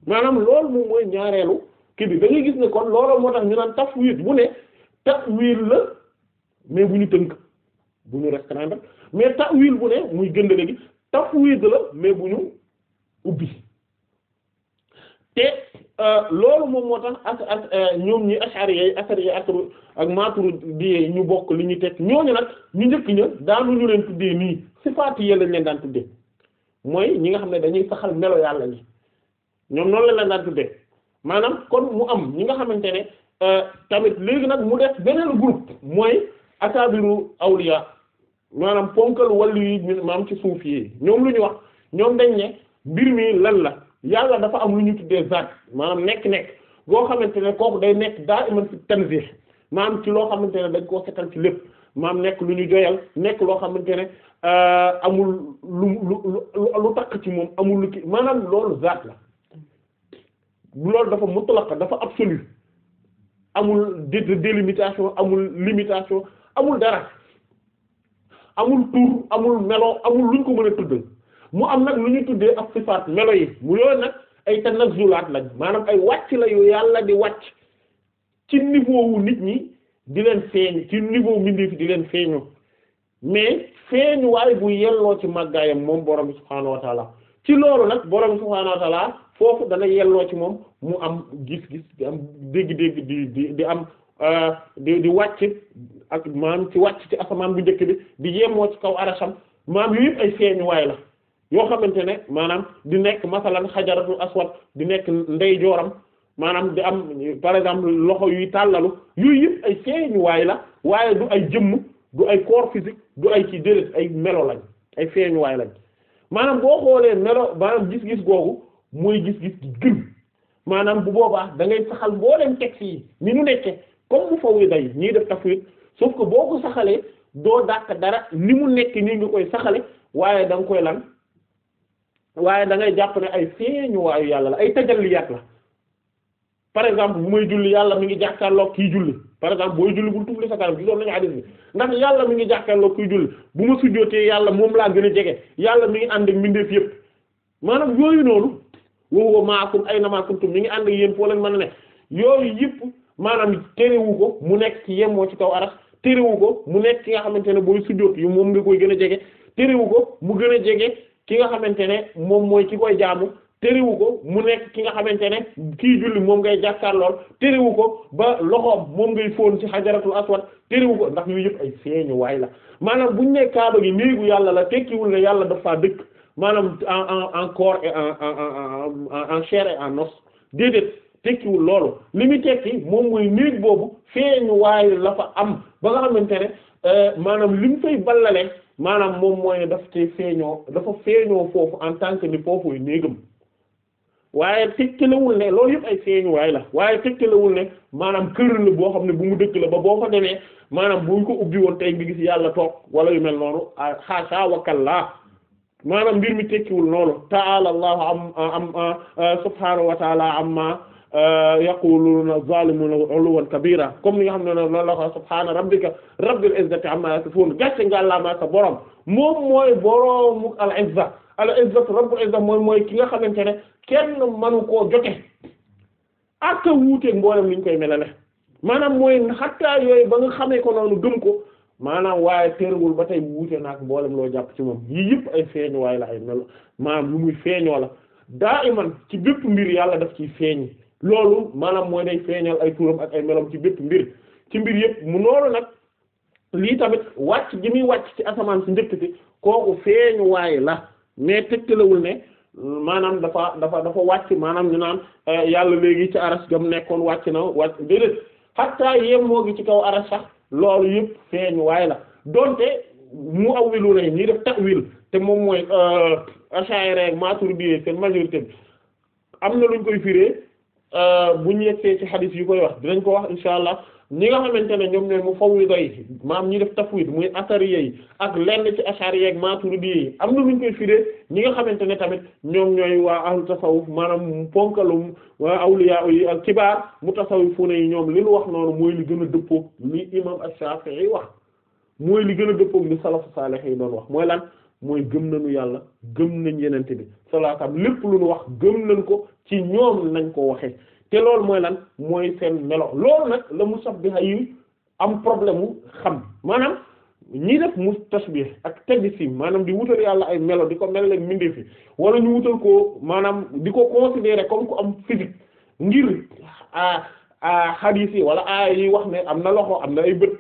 maanaam loolu moom mooy ñaareelu kii bi da gis ne kon looloo moo tax ñu naan tafwid bu ne tawil la mais bu ñu tënk bu ñu restreindre mais tawil bu ne muy gëndale gi tafwid la mais bu ñu ubbi te Euh, loolu moom moo tax ak ak euh, ñoom ñi ashari yi asari yi ak ak maturidi ñu bokk li ñu tek ñooñu nag ñu njëkk ña daanuñu leen tuddee nii sifaat yi lañ leen daan tuddee mooy ñi nga xam ne dañuy saxal melo yàlla ñi ñoom noonu lañ leen daan tuddee maanaam kon mu am ñi nga xamante ne euh, tamit léegi nag mu def beneen groupe mooy akabiru awliya maanaam ponkal wàllu yi maam ci suuf yi ñoom lu ñu wax ñoom dañ ne mbir mi lan la. yàlla dafa am lu ñu tuddee zaat maanaam nekk-nekk boo xamante ne kooku day nekk daa iman fi tanzih maanaam ci loo xamante ne dañ koo setal ci lépp maam nekk lu ñu joyal nekk loo xamante ne euh, amul lu lu lu takk ci moom amul lu ki maanaam loolu zaat la loolu dafa mutlaq dafa absolu amul délimitation amul limitation amul dara amul tur amul melo amul luñ ko mën a tudd mu am nag lu ñu tuddee ak sifaat melo yi mu yooyu nag ay tanazzulaat lañ maanaam ay wàcc la yu yàlla di wàcc ci niveau nit ñi di leen feeñ ci niveau mbindeef di leen feeñu mais feeñ waaye bu yelloo ci màggaayam moom borom subhaanahu wa ci loolu nag borom subhaanahu wa foofu dana yelloo ci moom mu am gis-gis di am dégg-dégg di di di am euh, di di wàcc ak maam ci wàcc ci asamaan bu njëkk bi di yemoo ci kaw arasam maam yu yëpp ay feeñu waay la yoo xamante ne maanaam di nekk masalan xajaratul aswad di nekk ndeyjooram maanaam di am par exemple loxo yuy tàllalu yooyu yëpp ay feeñu waay la waaye du ay jëmm du ay corps physique du ay ci déedéet ay melo lañ ay feeñu waay lañ maanaam boo xoolee melo maanaam gis-gis googu mooy gis-gis gi gën maanaam bu boobaa da ngay saxal mbooleem teg yi ni ñu nekke comme mu faw yi day ñiy def tafwid sauf ko boo ko saxalee doo dàq dara ni mu nekk nii nga koy saxale waaye da nga koy lan waaye da ngay jàpp ne ay waayu yàlla la ay tajalliyaat la par exemple bu may julli yàlla mi ngi jàkkaarloog kii julli par exemple booy julli bul tufli sa kanam gisoon nañu hadith bi ndax ngi jàkkaarloog kii julli bu ma sujjootee yàlla moom laa gën a jege yàlla mi ngi ànd ak mbindeef yëpp maanaam yooyu noonu woowu ay na maakumtum mi ànd yéen foo leen mën a ne yooyu yëpp maanaam terewu ko mu nekk ci yemoo ci kaw aras terewu ko mu nekk ki nga xamante ne booy sujjoot yi moom nga koy gën a jege terewu ko mu gën a jege ki nga xamante ne moom mooy ci koy jaamu tëriwu ko mu nekk ki nga xamante ne kii julli moom ngay jàkkaarlool tëriwu ko ba loxoom moom ngay fóon ci xajaratul aswad tëriwu ko ndax yooyu yëpp ay feeñu waay la maanaam buñ nekk kaaba gi néegu yàlla la tekkiwul ne yàlla dafa dëkk maanaam en en en et en en en chair et en déedéet tekkiwul loolu li muy tekki moom mooy néeg boobu feeñu waay la fa am ba nga xamante ne euh, maanaam li mu fay ballale maanaam moom mooy ne daf ci feeñoo dafa feeñoo foofu en tant que ni foofu néegam waaye tegtalewul ne loolu yëpp ay feeñuwaay la waaye tegtalewul ne maanaam kër la boo xam ne bu mu dëkk la ba boo fa demee maanaam buñ ko ubbi woon tey nga gis yàlla toog wala yu mel noonu ah, xaasaa la maanaam mbir mi tekkiwul noonu ta'ala allahu am am ah, subhaanahu wa yaquluna zalimuna uluwan kabira comme ni nga xam ne noonu la ko subhaana rabbika rabbil izzati amma yasifun gàcce sa borom moom mooy boroomu al izza al izza rabbul izza mooy mooy ki nga xamante ne kenn manu koo jote ak a wuuteeg mboolem li ñu koy melale maanaam mooy xattaa yooyu ba nga xamee ko noonu gëm ko maanaam waaye terewul ba tey wuute naag mboolem loo jàpp ci moom yii yëpp ay feeñuwaay la ay melo maanaam lu muy feeñoo la daa iman ci mbir yàlla daf ciy feeñ loolu maanaam mooy day feeñal ay turam ak ay melam ci bépp mbir ci mbir yëpp mu noonu nag lii tamit wàcc gi muy wàcc ci asamaan si njëkk si kooku feeñu waaye la mais tëkkalewul ne maanaam dafa dafa dafa wàcc maanaam ñu naan eh, yàlla léegi ci aras gam nekkoon wàcc na wàcc déedéet xattaa yemoo gi ci kaw aras sax loolu yëpp feeñu waaye la donte mu awwilu na ñi def tawil te moom mooy eh, Ash'ari ak Maturidi seen majorité bi am na luñ koy firee Euh, bu ñu yegsee ci xadis yu koy wax dinañ ko wax insha allah ñi nga xamante ne ñoom ñooy mu fawwi doy maam ñi def tafwid muy asari yeey ak lenn ci ashari yeeg maturidi yi am na luñ koy firee ñi nga xamante ne tamit ñoom ñooy waa ahlu tasawuf maanaam ponkalum waa awliya yi ak kibaar mu tasawufu ne yi ñoom li ñu wax noonu mooy li gën a dëppoog li imam ash-Shafi'i wax mooy li gën a dëppoog li salafu salih yi doon wax mooy laan mooy gëm nañu yàlla gëm nañ yenente bi sallallahu alayhi lépp lu wax gëm nañ ko ci ñoom nañ ko waxee te loolu mooy lan mooy seen melo loolu nag la mu bi musabbiha yi am problème mu xam maanaam ñii def mu tasbih ak tadsim maanaam di wutal yàlla ay melo di ko mel leen mindee fi wala ñu wutal ko maanaam di ko considérer comme ku am physique ngir a xadiis yi wala a yi wax ne am na loxo am na ay bët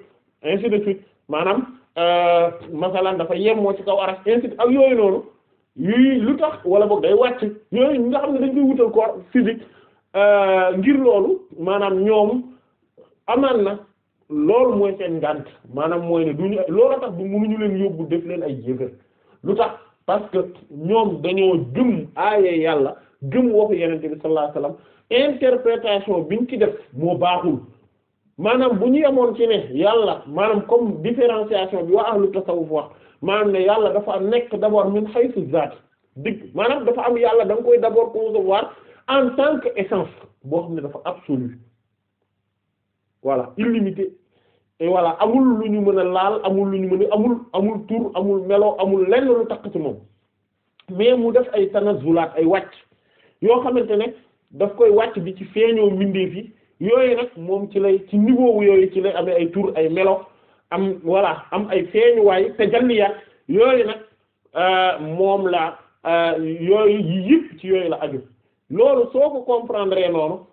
ainsi de suite maanaam euh, masalan dafa yem moo ci kaw ara ainsi ak yooyu noonu yii lu tax wala boog day wàcc yooyu nga xam ne dañ koy wutal corps physique euh, ngir loolu maanaam ñoom amaan na loolu mooy seen ngànt maanaam mooy ne duñu loolu tax bu mënuñu leen yóbbu def leen ay yéefér lu tax parce que ñoom dañoo gëm aaye yàlla gëm waxu yenente bi sallallahu alayhi wasallam bi ñu ci def moo baaxul maanaam bu ñu amoon ci ne yàlla maanaam comme différenciation bi waa ahlu tasawuf wax maanaam ne yàlla dafa am nekk d'abord min haythu zaat digg maanaam dafa am yàlla da nga koy d'abord concevoir en tant que essence boo xam ne dafa absolu voilà illimité et voilà amul lu ñu mën a laal amul lu ñu mën amul amul tur amul melo amul lenn lu takk ci moom mais mu def ay tanazulaat ay wàcc yoo xamante ne daf koy wàcc bi ci feeñoo mbindeef yi yooyu nag moom ci lay ci niveau wu yooyu ci lay amee ay tur ay melo am voilà am ay feeñuwaay te janniyaat yooyu nag euh, moom la euh, yooyu yi yëpp ci yooyu la aju loolu soo ko comprendre noonu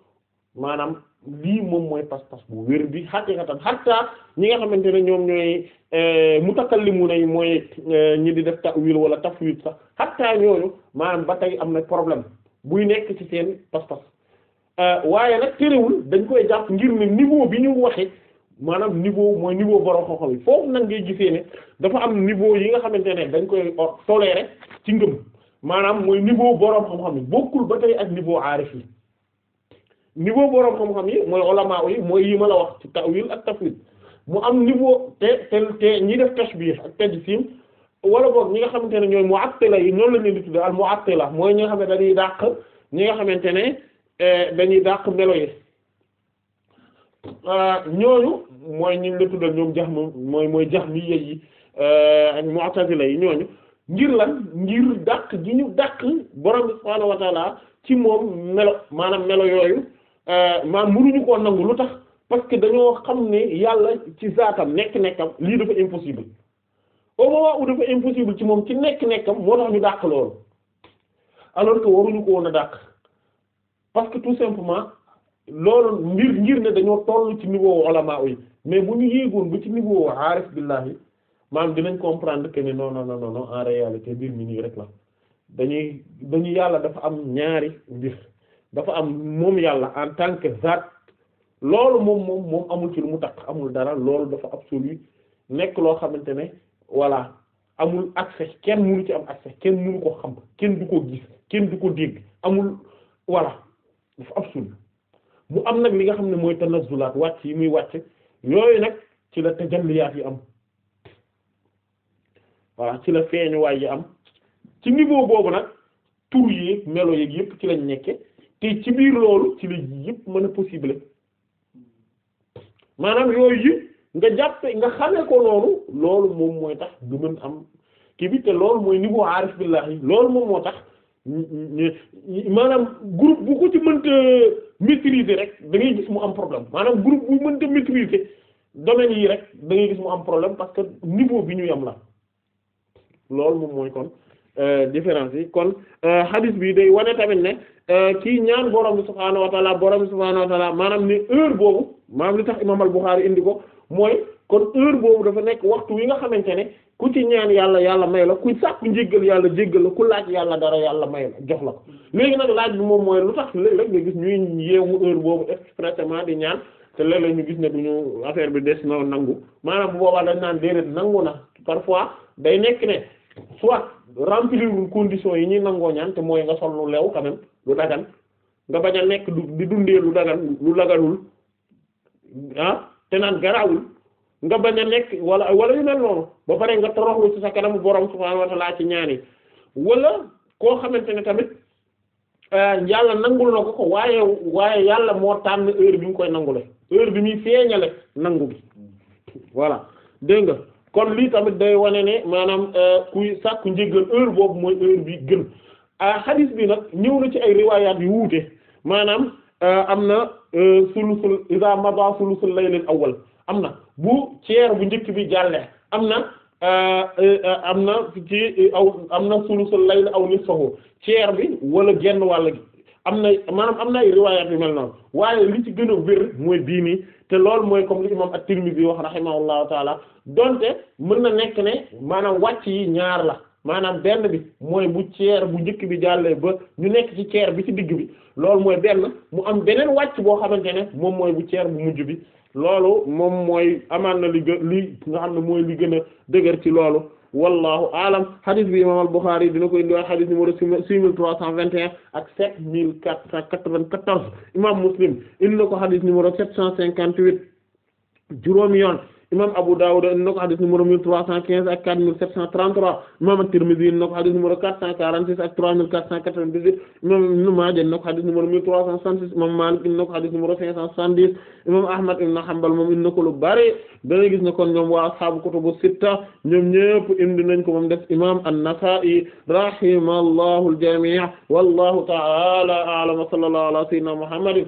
maanaam lii moom mooy pas-pas bu wér bi xaqiqatan xatta ñi nga xamante ne ñoom ñooy euh, mutakallimuna yi mooy ñi di def ta'wil wala tafwid sax xatta ñooñu maanaam ba tey am na problème buy nekk ci seen pas-pas Euh, waaye nag terewul dañ koy jàpp ngir ne niveau bi ñu waxee maanaam niveau mooy niveau borom xam-xam yi foofu nag ngay gisee ne dafa am nibo yi nga xamante ne dañ koy toléré ci ngëm maanaam mooy niveau borom xam-xam bokkul ba tey ak niveau aarif yi niveau borom xam-xam yi mooy ulama yi mooy yi ma la wax ci tawil ak tafwid mu am niveau te te te ñi def tashbih ak tajsim wala boog ñi nga xamante ne ñooy mu'attila yi noonu la ñuy tuddee al mu'attila mooy ñi nga xam ne dàq ñi nga xamante ne. Eh, dañuy dàq melo yi ah, ñooñu mooy ñi la tuddal ñoom jax moom mooy mooy jax mi yey yi eh, ak mu'tazila yi ñooñu ngir lan ngir dàq gi ñu dàq borom bi ci moom melo maanaam melo yooyu eh, maanaam mënuñu koo nangu lu tax parce que dañoo xam ne yàlla ci zaatam nekk-nekkam lii dafa impossible au moment où dafa impossible ci moom ci nekk-nekkam moo tax ñu dàq loolu alors que waruñu ko woon a dàq parce que tout simplement loolu ngir ngir ne dañoo toll ci niveau ulama yi mais bu ñu yéegoon ba ci niveau aarif billahi maanaam dinañ comprendre que ni non non non en réalité mbir mi nii rek la dañuy dañu yàlla dafa am ñaari mbir dafa am moom yàlla en tant que zat loolu moom moom amul ci lu mu takk amul dara loolu dafa absolu nekk loo xamante ne voilà amul accès kenn mënu ci am accès kenn mënu ko xam kenn du ko gis kenn du ko dégg amul voilà dafa am mu am nag li nga xam ne mooy tanazzulaat wàcc yi muy wàcc yooyu nag ci la tajalliyaat yi am voilà ci la feeñu feeñuwaay yi am ci niveau boobu nag tur yi melo yeeg yëpp ci lañ nekke te ci biir loolu ci la yëpp mën possible maanaam yooyu yi nga jàppe nga xamee ko loolu loolu moom mooy tax du am kii bi te loolu mooy niveau aarif billahi loolu moom moo tax maanaam group bu ko ci mënta maîtriser rek da gis mu am problème maanaam groupe bu mënta maîtriser domaine yi rek da gis mu am problème parce que niveau bi ñu yam la loolu moom mooy kon euh, différence yi kon euh, hadith bi de wane tamit ne kii euh, ñaan borom bi subhaanahu wa taala borom bi subhaanahu wa maanaam ne heure boobu maanaam li tax imam al Bukhari indi ko mooy kon heure boobu dafa nekk waxtu wi nga xamante ne ku ci ñaan yàlla yàlla may la ku sàkku njéggal yàlla jéggal la ku laaj yàlla dara yàlla may la jox la ko léegi nag laaj bi moom mooy lu tax léeg-léeg nga gis ñuy yeewu heure boobu expressément di ñaan te léeg-léeg ñu gis ne duñu affaire bi des na nangu maanaam bu boobaa dañ naan déedéet nangu na parfois day nekk ne soit remplir wul conditions yi ñuy nangoo ñaan te mooy nga sol lu leew quand même lu dagan nga bañ a nekk di dundee lu dagan lu daganul ah te naan garaawul nga bañ a nekk wala wala yu mel noonu ba pare nga toroxlu ci sa kanamu borom subhaanahu wa ta'aala ci ñaan yi wala koo xamante ne tamit euh, yàlla nangul na ko ko waaye waaye yàlla moo tànn heure koy nangule heure bi muy feeñale nangu bi voilà dégg nga kon lii tamit day wane ne maanaam euh, kuy sàkku njéggal heure boobu mooy heure bi gën xadis euh, bi nag ñëw na ci ay riwaayaat yu wuute maanaam am na sulusul iza mada sulusul laylil awwal am na bu ceer bu njëkk bi jàlle am na euh, euh, am na ci aw am na sulusul layl aw nisfahu ceer bi wala genn wàll gi am na maanaam am na ay riwaayaat yu mel noonu waaye li ci gën a wér mooy bii nii te loolu mooy comme li imam at bi wax rahimahullahu taalaa donte mën na nekk ne maanaam wàcc yi ñaar la maanaam benn bi mooy bu ceer bu njëkk bi jàllee ba ñu nekk ci ceer bi ci digg bi loolu mooy benn mu am beneen wàcc boo xamante ne moom mooy bu ceer bu mujj bi loolu moom mooy amaan na li gë li nga xam ne mooy li gën a dëgër ci loolu wallahu alam hadith bi imam al-Bukhari dina ko indi waat hadith numéro six mille trois cent vingt et un ak sept mille quatre cent quatre-vingt-quatorze imam Muslim indi na ko hadith numéro sept cent cinquante-huit juróomi yoon imam Abu Dawud indi na ko xadis numéro 1315 ak 4733 imam At-Tirmidhi indi na ko xadis numéro 446 ak 3498 imam Ibn Maaja indi na ko xadis numéro 1366 imam Malik indi na ko xadis numéro 570 imam Ahmad ibn Hanbal moom indi na ko lu bari dana gis ne kon ñoom waa ashaabu kutubu sitta ñoom ñépp indi nañ ko moom imam An-Nasa'i rahimallahu al-jami' wa sallallahu Muhammadin